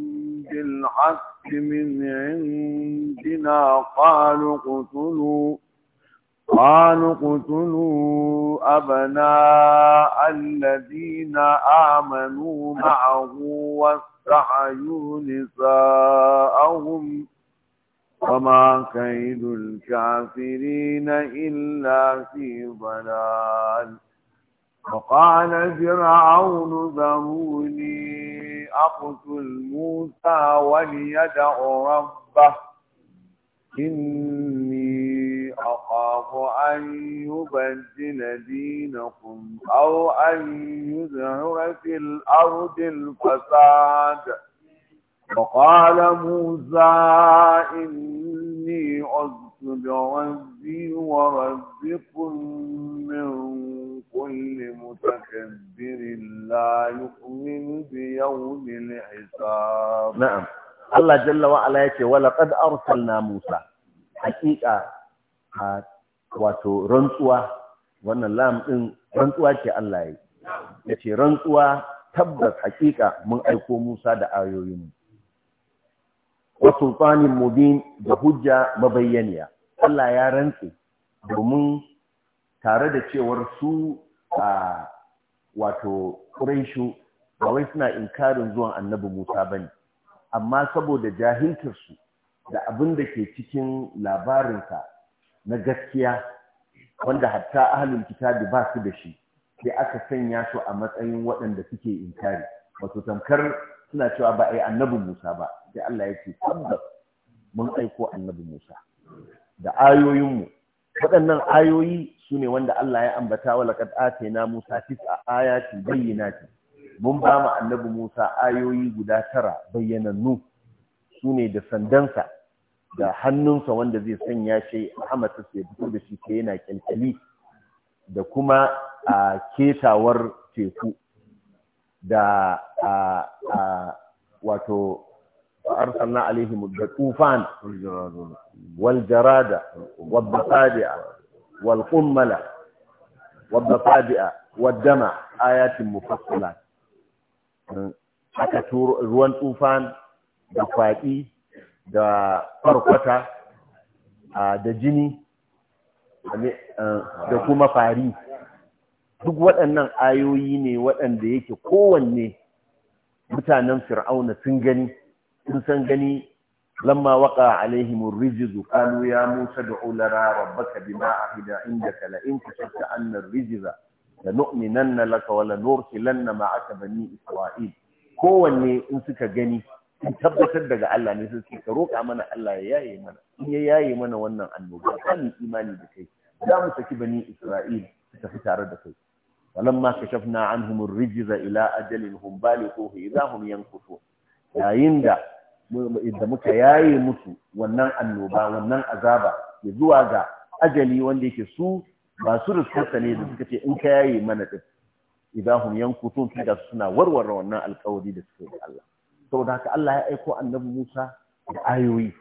بالحق من عندنا قالوا اقتلوا قالوا اقتلوا أبناء الذين آمنوا معه واستحيوا نساءهم وما كيد الكافرين إلا في ضلال وقال فرعون ذروني أقتل موسى وليدع ربه إني أخاف أن يبدل دينكم أو أن يظهر في الأرض الفساد وقال موسى إني عذت بربي وربكم من كل متكبر لا يؤمن بيوم الحساب نعم الله جل وعلا يكي ولقد أرسلنا موسى حقيقة wato rantsuwa wannan lam ɗin rantsuwa ce Allah yi ya ce rantsuwa tabbas hakika mun aiko Musa da ayoyinmu. wa sultanin mubin da hujja mabayyaniya Allah ya rantse domin tare da cewar su a wato ƙuraishu ba wai suna inkarin zuwan annabi Musa ba ne, amma saboda su da abin da ke cikin labarinsa na gaskiya wanda hatta ahalin kitabi ba su da shi sai aka sanya su a matsayin waɗanda suke inkari wato tamkar suna cewa ba a yi annabi Musa ba sai Allah ya ce tabbas mun aiko annabi Musa da ayoyinmu waɗannan ayoyi su ne wanda Allah ya ambata wa laqad na Musa tis ayati bayyana ce. mun ba mu annabi Musa ayoyi guda tara bayyanannu su ne da sandansa da hannunsa wanda zai sanya shi Ahmad sai ya fito da shi sai yana kyalkyali da kuma a ketawar teku da a wato فأرسلنا عليهم الطوفان والجراد والضفادع والقملة والضفادع والدمع آيات مفصلات aka ruwan tufan da kwaɗi da farkwata da jini da kuma fari duk waɗannan ayoyi ne waɗanda yake kowanne mutanen fir'auna sun gani kun san gani lamma waqa alaihim ar qalu ya musa du'u lana rabbaka bima ahida indaka la in kashafta anna ar-rijz lanu'minanna laka wa lanursilanna ma'aka bani isra'il kowanne in suka gani in tabbatar daga Allah ne sai ka roƙa mana Allah ya yaye mana in ya yaye mana wannan annoba kan imani da kai za mu saki bani Isra'il su tafi tare da kai walamma kashafna anhum ar ila ajalin hum balighuhu idahum yankutu yayin da da muka yaye musu wannan annoba wannan azaba da zuwa ga ajali wanda yake su masu riskarsa ne da suka ce in ka yaye mana ɗin idan yanku yankutun fi da suna warware wannan alkawari da suke da Allah saboda haka Allah ya aiko annabi Musa da ayoyi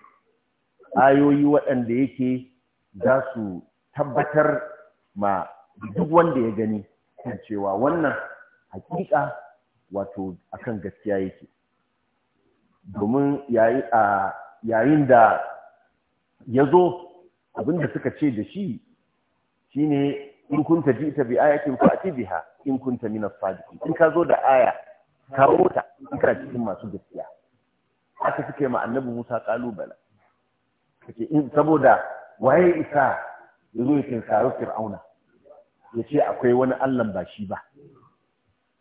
ayoyi waɗanda yake za su tabbatar ma duk wanda ya gani kan cewa wannan hakika wato akan gaskiya yake domin yayin da ya zo abinda suka ce da shi shine in kunta ta bi ayatin fa'ti biha in kunta min as in ka zo da aya ka rota in ka cikin masu gaskiya haka suke ma annabi Musa kalubala saboda waye isa yazo ya saru fir'auna ce akwai wani Allah ba shi ba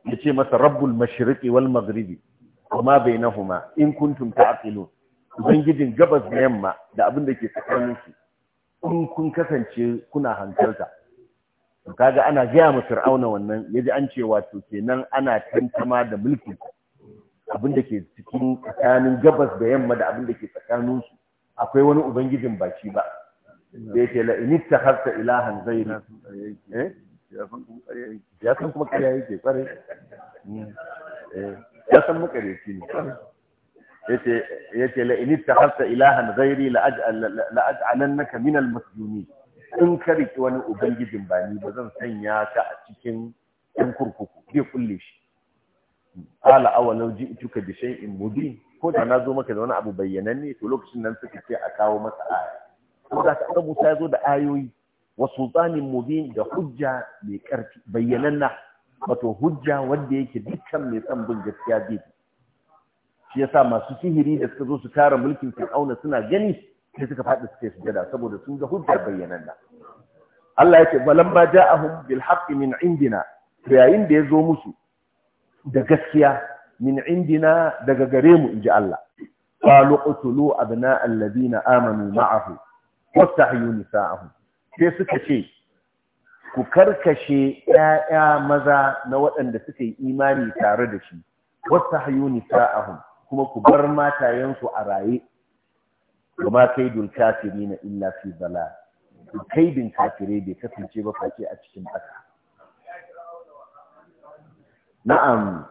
yace masa rabbul mashriqi wal maghribi Kuma bai ma huma in kuntum ta'qilun ubangijin gabas da yamma da abin da ke tsakanin su in kun kasance kuna hankalta kaga ana gaya ma fir'auna wannan yaji an ce wato kenan ana tantama da mulki, abin da ke cikin tsakanin gabas da yamma da abin da ke tsakanin su akwai wani ubangijin baki ba da ce la in ittakhadta ilahan ghayri eh ya san kuma kariya yake kware ya san makareci ne yace yace la in ittakhadta ilahan ghairi la aj'alannaka min al in ka riki wani ubangijin ba ni ba zan sanya ka a cikin yan kurkuku zai kulle shi qala awalau ji'tuka bi shay'in mudi ko da na zo maka da wani abu bayyananne to lokacin nan suka ce a kawo masa aya ko da ka rubuta zo da ayoyi wa sultanin mubin da hujja mai karfi na. wato hujja wanda yake dukkan mai son bin gaskiya zai shi yasa masu sihiri da suka zo su tara mulkin fir'auna suna gani sai suka faɗi suka sujada saboda sun ga hujja bayyananna Allah yake balan ba ja'ahum bil haqqi min indina to yayin da ya zo musu da gaskiya min indina daga gare mu inji Allah qalu qutulu abna alladhina amanu ma'ahu wastahyu nisa'ahum sai suka ce ku karkashe ‘ya'ya maza na waɗanda suka yi imani tare da shi, wasu hayuni sa'ahun kuma ku bar matayensu a raye, gama dun kafiri na illa fi zala, bin kafire bai kasance ba a cikin ƙasa. Na'am,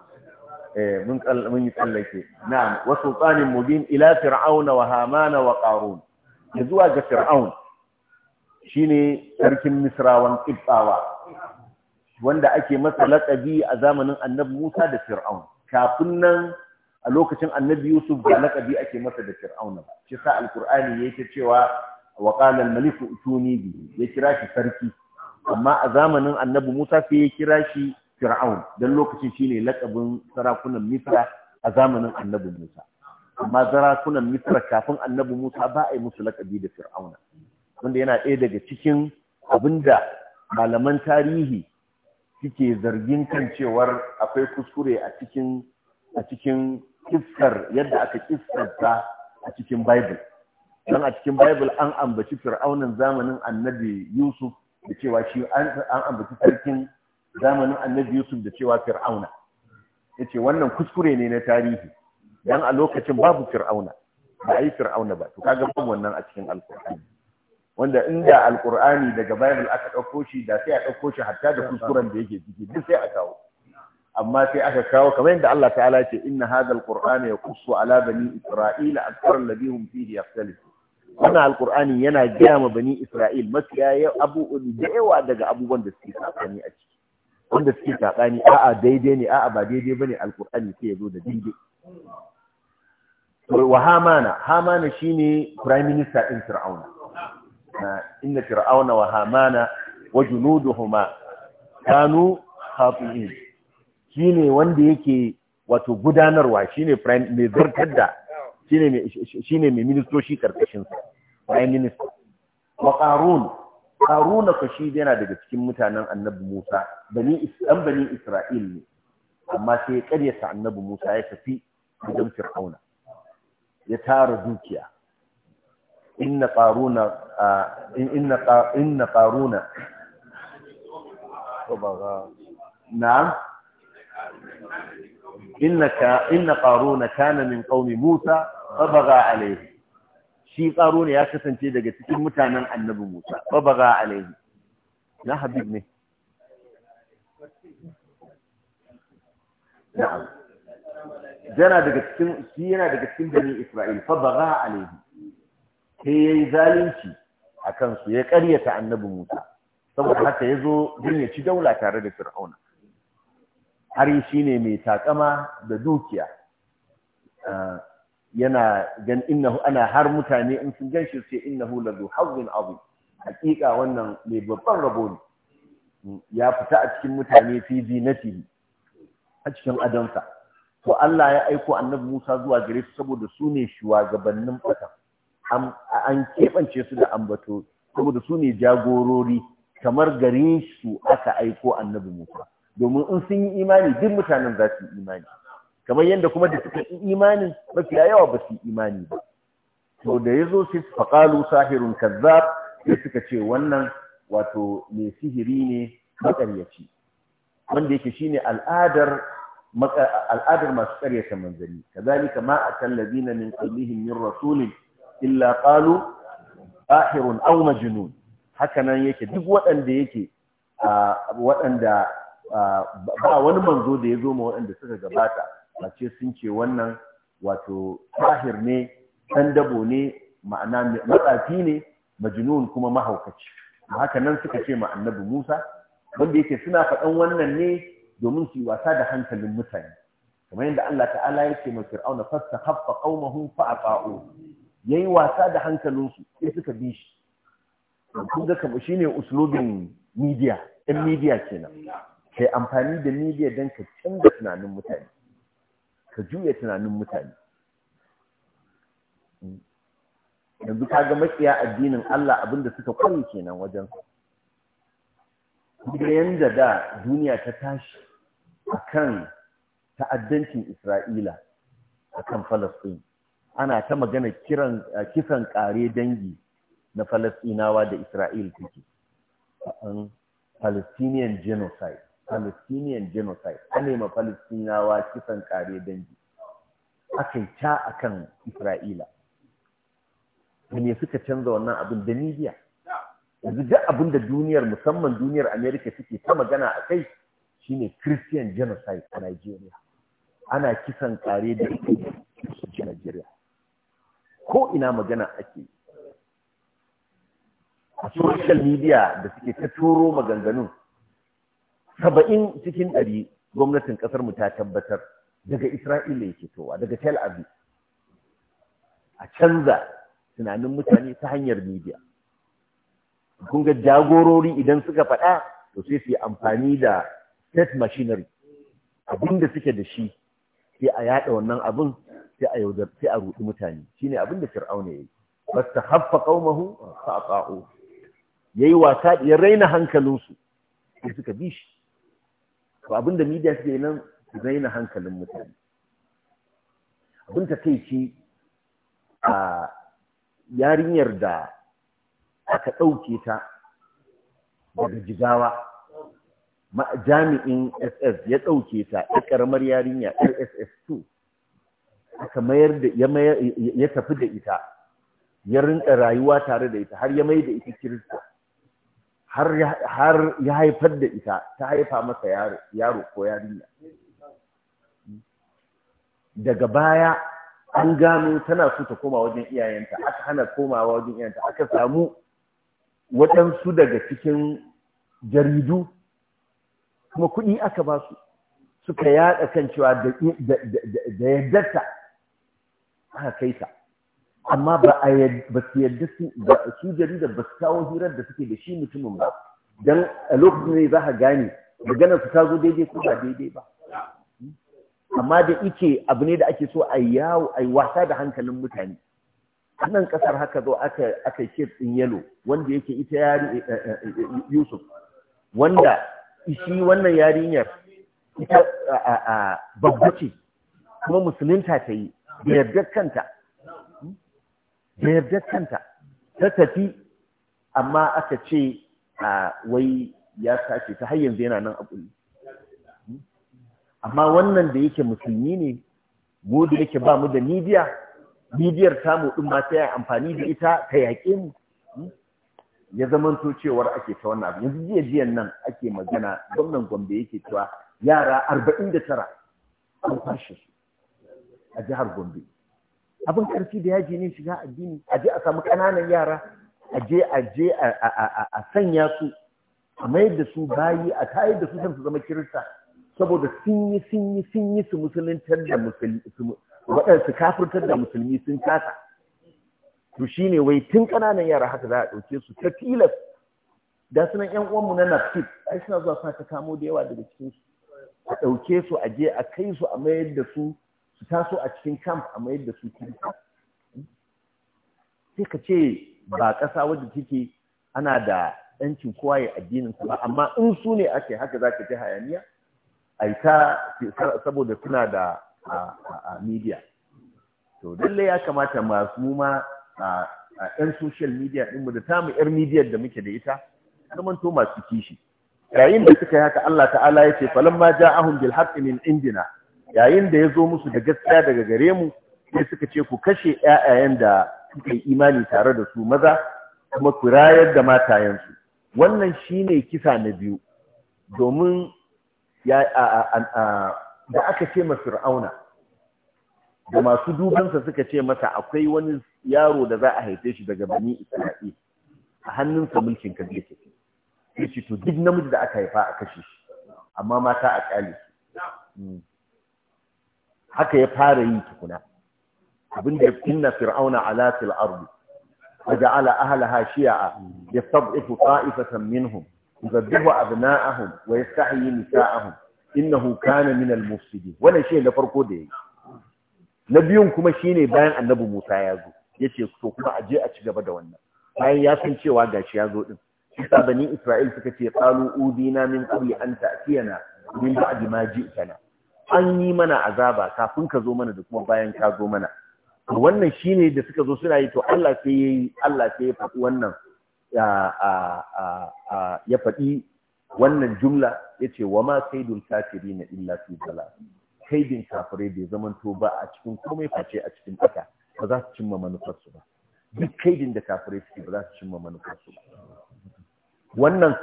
eh, mun yi tsallake, na'am, wasu tsanin mubin ila fir'auna wa hamana wa ƙarun, ya zuwa ga fir'aun. shine sarkin misrawan ƙibtsawa wanda ake masa laƙabi a zamanin annabi musa da fir'aun kafin nan a lokacin annabi yusuf ga laƙabi ake masa da Fir'auna ba shi sa alkur'ani ya ta cewa wa qala al-maliku utuni bi ya kira shi sarki amma a zamanin annabi musa sai ya kira shi fir'aun dan lokacin shine laƙabin sarakunan misra a zamanin annabi musa amma sarakunan misra kafin annabi musa ba a yi musu laƙabi da fir'auna wanda yana ɗaya daga cikin abin da malaman tarihi suke zargin kan cewar akwai kuskure a cikin a cikin kiskar yadda aka kissarta a cikin Bible don a cikin Bible an ambaci fir'aunan zamanin annabi Yusuf da cewa shi an ambaci sarkin zamanin annabi Yusuf da cewa fir'auna ce wannan kuskure ne na tarihi Don a lokacin babu fir'auna ba a yi fir'auna ba to kaga babu wannan a cikin alkur'ani wanda inda alkur'ani daga bible aka ɗauko shi da sai a ɗauko shi hatta da kuskuren da yake ciki duk sai a kawo amma sai aka kawo kamar yadda Allah ta'ala ce inna hadha alqur'ana yaqussu ala bani isra'ila akthar alladhi hum fihi yakhtalifun wannan alqur'ani yana gaya ma bani isra'il mafiya abu da yawa daga abubuwan da suke sakani a ciki wanda suke sakani a'a daidai ne a'a ba daidai bane alqur'ani sai ya zo da daidai wa hamana hamana shine prime minister din fir'auna inna fir'auna wa hamana wa junuduhuma kanu khati'in shine wanda yake wato gudanarwa shine mai zartar da shine mai ministoci karkashin sa prime minister wa qarun qarun ko shi yana daga cikin mutanen annabi Musa bani isan bani Isra'il ne amma sai ya karyata annabi Musa ya tafi gidan fir'auna ya tara dukiya inna qaruna inna inna qaruna نعم إنك إن قارون كان من قوم موسى فبغى عليه shi ƙaruna ya kasance daga cikin mutanen annabi Musa ba ba za alaihi na habib ne na'am yana daga cikin shi yana daga cikin bani Isra'il fa ba za alaihi sai ya yi zalunci a kansu ya ƙaryata annabi Musa saboda haka ya zo ya ci daula tare da Fir'auna har shi ne mai takama da dukiya yana gan innahu ana har mutane in sun gan shi sai innahu la zu abu. hakika wannan mai babban rabo ne ya fita a cikin mutane fi zinatihi a cikin adonsa. to Allah ya aiko annabi Musa zuwa gare su saboda su ne shugabannin fatan an keɓance su da ambato saboda su ne jagorori kamar gare su aka aiko annabi Musa domin in sun yi imani duk mutanen za su yi imani kamar yadda kuma da suka yi imanin mafiya yawa ba su yi imani ba to da ya zo sai faƙalu sahirun kazzab sai suka ce wannan wato mai sihiri ne maƙaryaci wanda yake shine al'adar al'adar masu ƙaryata manzanni kazalika ma akan ladina min qablihim min rasulin illa qalu ahirun aw majnun haka nan yake duk waɗanda yake waɗanda ba wani manzo da ya zo ma waɗanda suka gabata a ce sun ce wannan wato ahir ne ɗan dabo ne ma'ana matsafi ne majnun kuma mahaukaci haka nan suka ce ma annabi Musa wanda yake suna faɗan wannan ne domin su wasa da hankalin mutane kamar yadda Allah ta'ala ya ce ma Fir'auna fastahaffa qaumahu fa'ata'u ya yi wasa da hankalinsu sai suka bi shi kun ga kamar shi ne uslubin media ɗan media kenan kai amfani da media don ka canza tunanin mutane ka juya tunanin mutane yanzu ka ga makiya addinin Allah abinda suka kwari kenan wajen da yanda da duniya ta tashi akan ta'addancin Isra'ila akan falasɗin ana ta magana kiran kisan kare dangi na Falastinawa da Isra'il take an Palestinian genocide Palestinian genocide Ana ma Falastinawa kisan kare dangi akan ta akan Isra'ila me suka canza wannan abin da media yanzu duk abin da duniyar musamman duniyar America suke ta magana a kai shine Christian genocide a Nigeria ana kisan kare da ko ina magana ake a social media da suke ta turo maganganun saba'in cikin ɗari gwamnatin ƙasar mu ta tabbatar daga isra'ila yake towa daga tel aviv a canza tunanin mutane ta hanyar media kun ga jagorori idan suka faɗa to sai su yi amfani da state machinery abinda suke da shi sai a yaɗa wannan abin sai a yaudar sai a rudi mutane shine abin da fir'auna yayi haffa qaumahu fa aqa'u yayi wasa ya raina hankalinsu sai suka bi shi to abin da media suke nan raina hankalin mutane abin ta kai shi a yarinyar da aka ɗauke ta daga jigawa jami'in ss ya ɗauke ta ƙaramar yarinya rss 2 aka mayar da ya tafi da ita ya rinka rayuwa tare da ita har ya mai da ita kirista har ya haifar da ita ta haifa masa yaro ko yarinya daga baya an gano tana so ta koma wajen iyayenta aka hana komawa wajen iyayenta aka samu waɗansu daga cikin jaridu kuma kuɗi aka ba su suka yaɗa kan cewa da yaddarta aka kai sa amma ba a ba su yadda su jaridar ba su kawo hirar da suke da shi mutumin ba don a lokacin ne za ka gane maganar su ta zo daidai ko ba daidai ba amma da ike abu ne da ake so a yawo a wasa da hankalin mutane nan kasar haka zo aka aka ce tsin yalo wanda yake ita yari eh, eh, eh, Yusuf wanda shi wannan yarinyar ita babba ce kuma musulunta ta yi da kanta da kanta ta tafi amma aka ce a wai ya sace ta har yanzu yana nan a kulli amma wannan da yake musulmi ne mu da yake ba mu da midiya midiyar tamu din ma sai amfani da ita ta yaƙe mu ya zamanto cewar ake ta wannan abu yanzu jiya jiyan nan ake magana gwamnan Gombe yake cewa yara arba'in da tara an kwashe su a jihar Gombe. Abin ƙarfi da yaji ne shiga addini, a je a samu ƙananan yara, a je a je a sanya su, a mayar da su bayi, a tayar da su su zama kirista. Saboda sun yi sun yi sun yi su musuluntar da musulmi, waɗansu kafirtar da musulmi sun kasa. To shi ne wai tun ƙananan yara haka za a ɗauke su ta tilas. Da sunan ‘yan uwanmu na Nafsif, ai suna zuwa sa ta kamo da yawa daga cikinsu. a ɗauke su a je a kai su a mayar da su su taso a cikin camp a mayar da su camp sai ka ce ba ƙasa wadda take ana da ɗancin kowa ya addininsa ba amma in su ne ake haka za ka ji hayaniya a ta saboda suna da a media to dalle ya kamata masu ma a ɗan social media ɗinmu da ta mu ‘yar media da muke da ita zamanto masu kishi yayin da suka yi haka Allah ta'ala ya ce falamma ja'ahum bil haqqi min indina yayin da ya zo musu da gaskiya daga gare mu sai suka ce ku kashe ƴaƴayen da suka yi imani tare da su maza kuma ku rayar da matayensu wannan shine kisa na biyu domin da aka ce ma fir'auna da masu dubansa suka ce masa akwai wani yaro da za a haife shi daga bani isra'i a hannunsa mulkin kabila ke, ce to duk namiji da aka haifa a kashe shi amma mata a kyale haka ya fara yin tukuna abinda ya kunna fir'auna ala fil ardi a ja'ala ahlaha shi'a yastad'ifu qa'ifatan minhum yuzabbihu abna'ahum wa yastahyi nisa'ahum innahu kana min al mufsidin wala shi da farko da yayi na biyun kuma shine bayan annabi Musa ya zo yace to kuma a je a ci gaba da wannan bayan ya san cewa gashi ya zo din sa bani isra'il suka ce qalu na min qabli an yana min a ma ji'tana an yi mana azaba kafin ka zo mana da kuma bayan ka zo mana wannan shine da suka zo suna yi to Allah sai yayi ya faɗi wannan ya faɗi wannan jumla yace wa ma kaidul kafirina illa fi dalal kaidin kafirai bai zamanto ba a cikin komai face a cikin ƙasa ba za su cimma manufarsu ba duk kaidin da kafirai suke ba za su cimma manufarsu ba wannan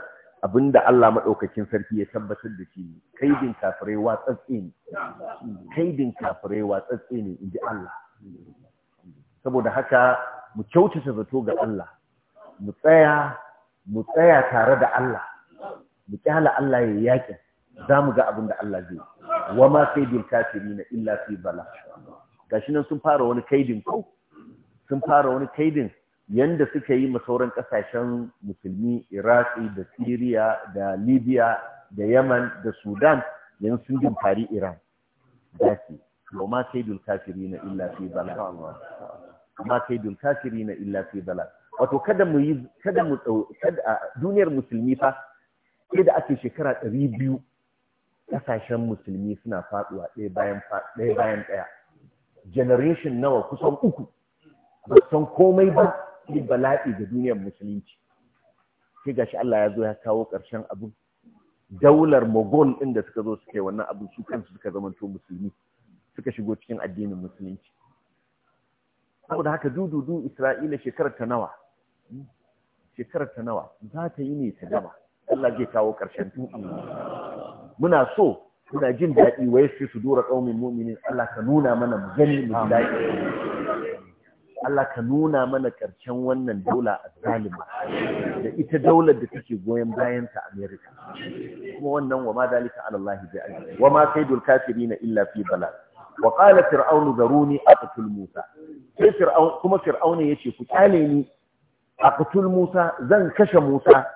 Abin da Allah maɗaukakin sarki ya tabbatar da shi ne kaidin kafirai watsatse ne kaidin kafirai watsatse ne inji Allah saboda haka mu kyautata zato ga Allah mu tsaya mu tsaya tare da Allah mu kyala Allah ya yakin za mu ga abin da Allah zai wa ma kaidin kafirina illa fi bala gashi nan sun fara wani kaidin ko sun fara wani kaidin yanda suka yi masauran kasashen musulmi iraki da syria da libya da yaman da sudan yanzu sun jin fari iran dace wa ma kaidul kafirina illa fi dalal ma kaidul kafirina illa fi dalal wato kada mu yi kada mu duniyar musulmi fa sai da ake shekara 200 kasashen musulmi suna faduwa ɗaya bayan ɗaya bayan ɗaya generation nawa kusan uku ba san komai ba yi bala'i ga duniyar musulunci sai gashi Allah ya zo ya kawo ƙarshen abin daular mogol ɗin da suka zo suke wannan abin su kansu suka to musulmi suka shigo cikin addinin musulunci saboda haka dududu Isra'ila shekarar ta nawa shekarar ta nawa za ta yi ne ta gaba. Allah zai kawo ƙarshen tuɗi muna so muna jin daɗi wai su su dora ƙaumin muminin Allah ka nuna mana mu gani mu ji daɗi Allah ka nuna mana karshen wannan daula a zalima da ita daular da take goyon bayan ta America kuma wannan wa ma zalika ala Allah bi ajli wa ma kaidul kafirin illa fi balal wa qala fir'aunu zaruni aqtul musa sai fir'aun kuma fir'aun yace ku kyale ni aqtul musa zan kashe musa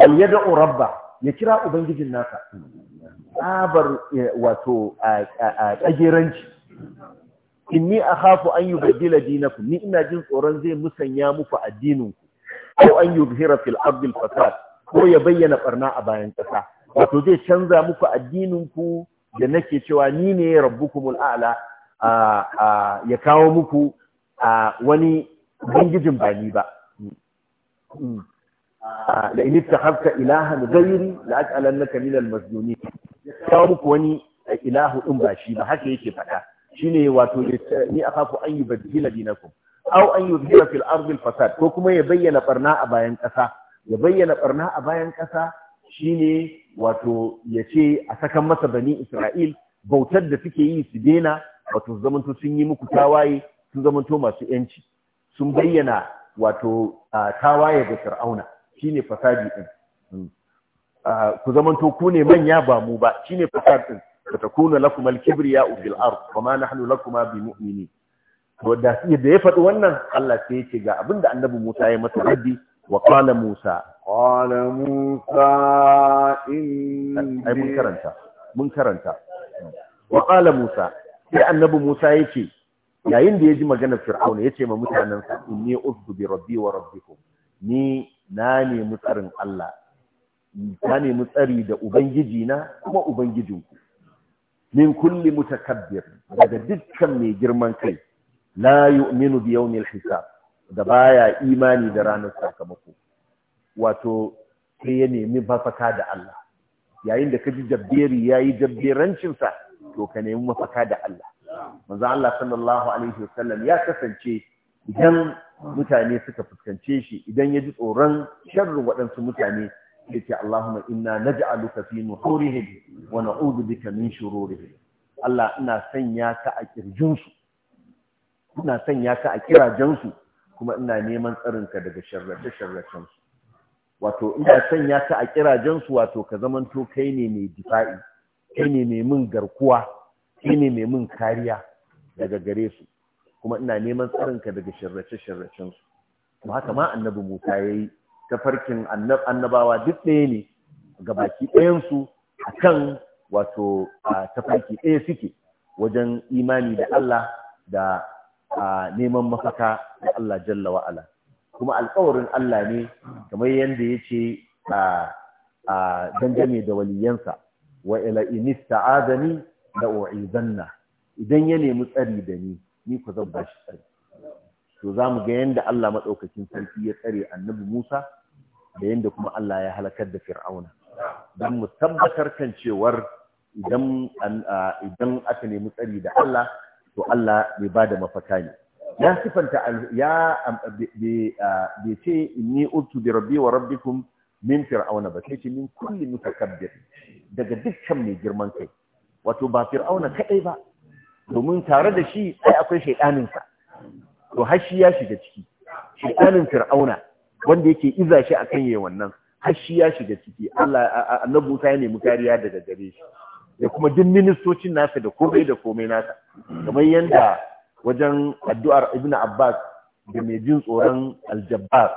Al yad'u rabba ya kira ubangijin nasa tsabar eh, wato a tsageranci inni akhafu an yubaddila dinakum ni ina jin tsoron zai musanya muku addininku ko an yuzhira fil ardi fasad ko ya bayyana barna a bayan kasa wato zai canza muku addininku da nake cewa ni ne rabbukumul a'la ya kawo muku wani bangijin ba ni ba da in ittakhadta ilahan ghairi la aj'alannaka minal masjunin kawo muku wani ilahu din ba shi ba haka yake faɗa shine wato ni akhafu an dinaku. dinakum aw an yuzhira fil ardi fasad ko kuma ya bayyana barna a bayan kasa ya bayyana barna a bayan kasa shine wato ya ce a sakan masa bani Isra'il bautar da suke yi su dena wato zamanto sun yi muku tawaye sun zamanto masu yanci sun bayyana wato tawaye da fir'auna shine fasadi din hmm. ku zamanto ku ne manya ba mu ba shine fasad din satakuna lakum al-kibriya fil ard wa ma nahnu lakuma bimu'minin to da ya faɗi wannan Allah sai ya ce ga abinda annabi Musa ya masa raddi وقال موسى قال Musa ya ce, منكرنتا منكرنتا وقال موسى يا النبي موسى يتي يا يندي يجي مجانا فرعون يتي ما متعننسا إني أذب بربي ni na nemi tsarin Allah na nemi tsari da na, kuma ubangijinku min kulli mutakabbir daga dukkan mai girman kai la yu'minu bi yawmil hisab da baya imani da ranar sakamako wato sai ya nemi mafaka da Allah yayin da kaji jabberi yayi jabberancin sa to ka nemi mafaka da Allah manzo Allah sallallahu alaihi wasallam ya kasance idan mutane suka fuskance shi idan ya ji tsoron sharrin waɗansu mutane yake Allahumma inna naj'aluka fi nuhurihim wa na'udhu bika min shururihim Allah ina sanya ka a kirjin su ina sanya ka a kirajen su kuma ina neman tsarin ka daga sharrace sharracen su wato ina sanya ka a kirajen su wato ka zaman to kai ne mai difa'i kai ne mai mun garkuwa kai ne mai mun kariya daga gare su kuma ina neman tsarin ka daga sharrace sharracen su haka ma annabi Musa yayi tafarkin annabawa duk ɗaya ne ga baki ɗayansu a kan wato tafarki ɗaya suke wajen imani da Allah da neman mafaka da Allah jalla wa'ala kuma alkawarin Allah ne kamar yadda ya ce a dangane da waliyansa wa ila inista adani da wa'izanna idan ya nemi tsari da ni ni ku zan bashi tsari to za mu ga yadda Allah maɗaukakin sarki ya tsare annabi Musa da yadda kuma Allah ya halakar da fir'auna don mu tabbatar kan cewar idan aka nemi tsari da Allah to Allah bai ba da mafaka ne ya sifanta ya bai ce inni utu bi rabbi wa rabbikum min fir'auna ba sai ce min kulli mutakabbir daga dukkan mai girman kai wato ba fir'auna kadai ba domin tare da shi sai akwai shaidaninsa to har shi ya shiga ciki shaidanin fir'auna wanda yake iza shi a kan wannan har shi ya shiga ciki Allah annabi Musa ya nemi kariya daga gare shi da kuma duk ministocin nasa da komai da komai nasa kamar yanda wajen addu'ar Ibn Abbas da mai jin tsoron aljabbar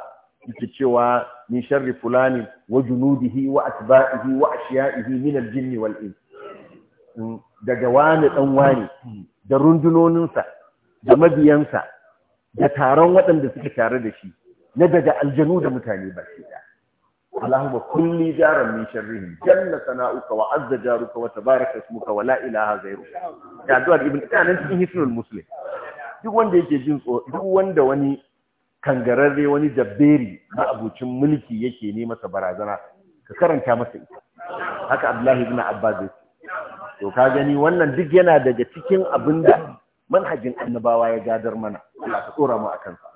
yake cewa min sharri fulani wa junudihi wa atba'ihi wa ashiya'ihi min aljinn wal ins mm, daga wani dan wani da rundunoninsa da mabiyansa da taron waɗanda suka tare da shi na daga aljanu da mutane ba shi da Allahumma kulli jaran min sharrihim jalla sana'uka wa azza jaruka wa tabaraka ismuka wa la ilaha ghayruka da addu'ar ibn kanan cikin hisnul muslim duk wanda yake jin tsoro duk wanda wani kangararre wani dabberi na abucin mulki yake ne masa barazana ka karanta masa ita haka Abdullahi ibn Abbas ya to ka gani wannan duk yana daga cikin abinda manhajin annabawa ya gadar mana Allah ka tsora mu akan sa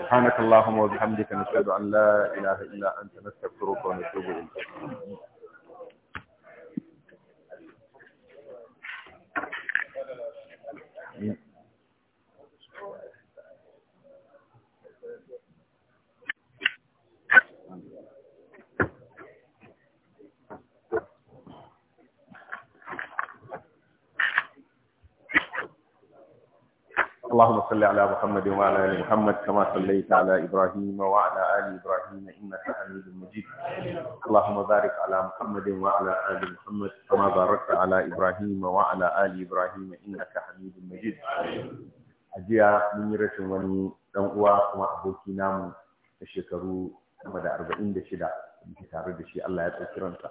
سبحانك اللهم وبحمدك نشهد أن لا إله إلا أنت نستغفرك ونتوب إليك Yeah. اللهم صل على محمد وعلى ال محمد كما صليت على ابراهيم وعلى ال ابراهيم انك حميد مجيد اللهم بارك على محمد وعلى ال محمد كما باركت على ابراهيم وعلى ال ابراهيم انك حميد مجيد ajiya mun yi rashin wani ɗan uwa kuma aboki namu da shekaru sama da arba'in da shida muke tare da shi Allah ya ɗauki ransa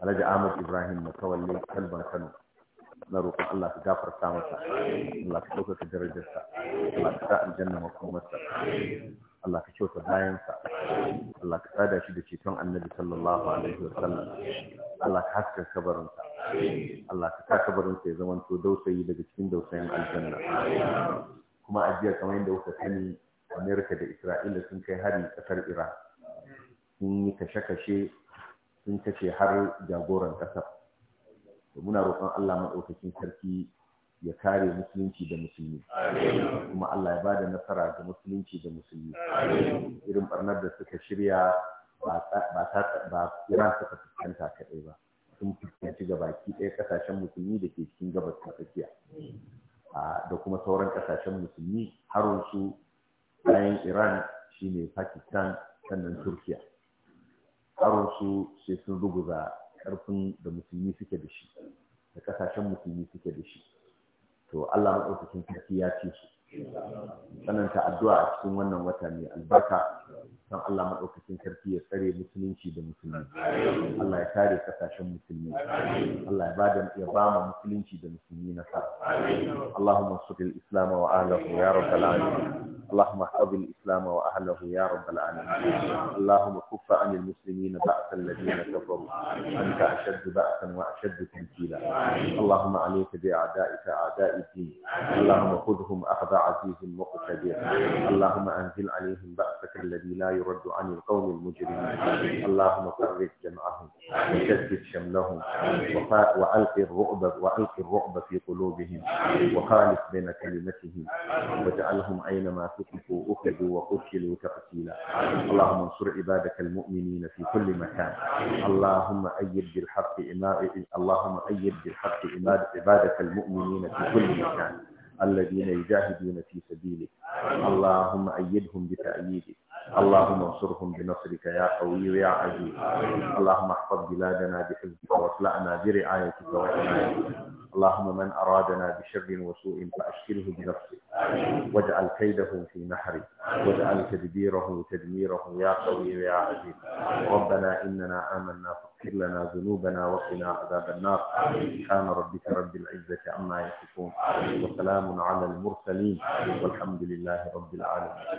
Alhaji Ahmad Ibrahim Matawalle Kano na roƙon Allah ka gafarta masa Allah ka ɗaukaka darajarsa Allah ka sa aljanna makomarsa Allah ka kyauta bayansa Allah ka tsada shi da ceton annabi sallallahu alaihi wa sallam, Allah ka haska kabarinsa Allah ka sa kabarinsa ya zama to dausayi daga cikin dausayin aljanna kuma a jiya kamar yadda kuka sani Amerika da Isra'ila sun kai hari kasar Iran sun yi kashe-kashe sun kashe har jagoran kasar da muna roƙon Allah maɗaukakin sarki ya kare musulunci da musulmi kuma Allah ya ba da nasara ga musulunci da musulmi irin barnar da suka shirya ba Iran suka fuskanta kaɗai ba sun fuskanci ga baki ɗaya ƙasashen musulmi da ke cikin gabas ta tsakiya ah, da kuma sauran ƙasashen musulmi harunsu bayan Iran shine Pakistan sannan Turkiya harunsu sai sun ruguza ƙarfin da musulmi suke da shi da ƙasashen musulmi suke da shi to Allah maɗaukakin sarki ya ce su tsananta addu'a a cikin wannan wata mai albarka kan Allah maɗaukakin sarki ya tsare musulunci da musulmi Allah ya kare ƙasashen musulmi Allah ya bada ya musulunci da musulmi nasara Allahumma sukil islam wa ahlahu ya rabbal alamin اللهم احفظ الإسلام وأهله يا رب العالمين اللهم كف عن المسلمين بأس الذين كفروا أنت أشد بأسا وأشد تنكيلا اللهم عليك بأعدائك أعداء الدين اللهم خذهم أخذ عزيز مقتدر اللهم أنزل عليهم بأسك الذي لا يرد عن القوم المجرمين اللهم فرق جمعهم وشتت شملهم وألق الرعب وألق الرعب في قلوبهم وخالف بين كلمتهم واجعلهم أينما في قتلوا أخذوا وقتلوا تقتيلا اللهم انصر عبادك المؤمنين في كل مكان اللهم أيد بالحق اللهم أيد بالحق عبادك المؤمنين في كل مكان الذين يجاهدون في سبيلك اللهم أيدهم بتأييدك اللهم انصرهم بنصرك يا قوي يا عزيز اللهم احفظ بلادنا بحفظك واخلعنا برعايتك وحمايتك اللهم من أرادنا بشر وسوء فأشكله بنفسه واجعل كيده في نحره واجعل تدبيره تدميره يا قوي يا عزيز ربنا إننا آمنا فاغفر لنا ذنوبنا وقنا عذاب النار سبحان ربك رب العزة عما يصفون وسلام على المرسلين والحمد لله رب العالمين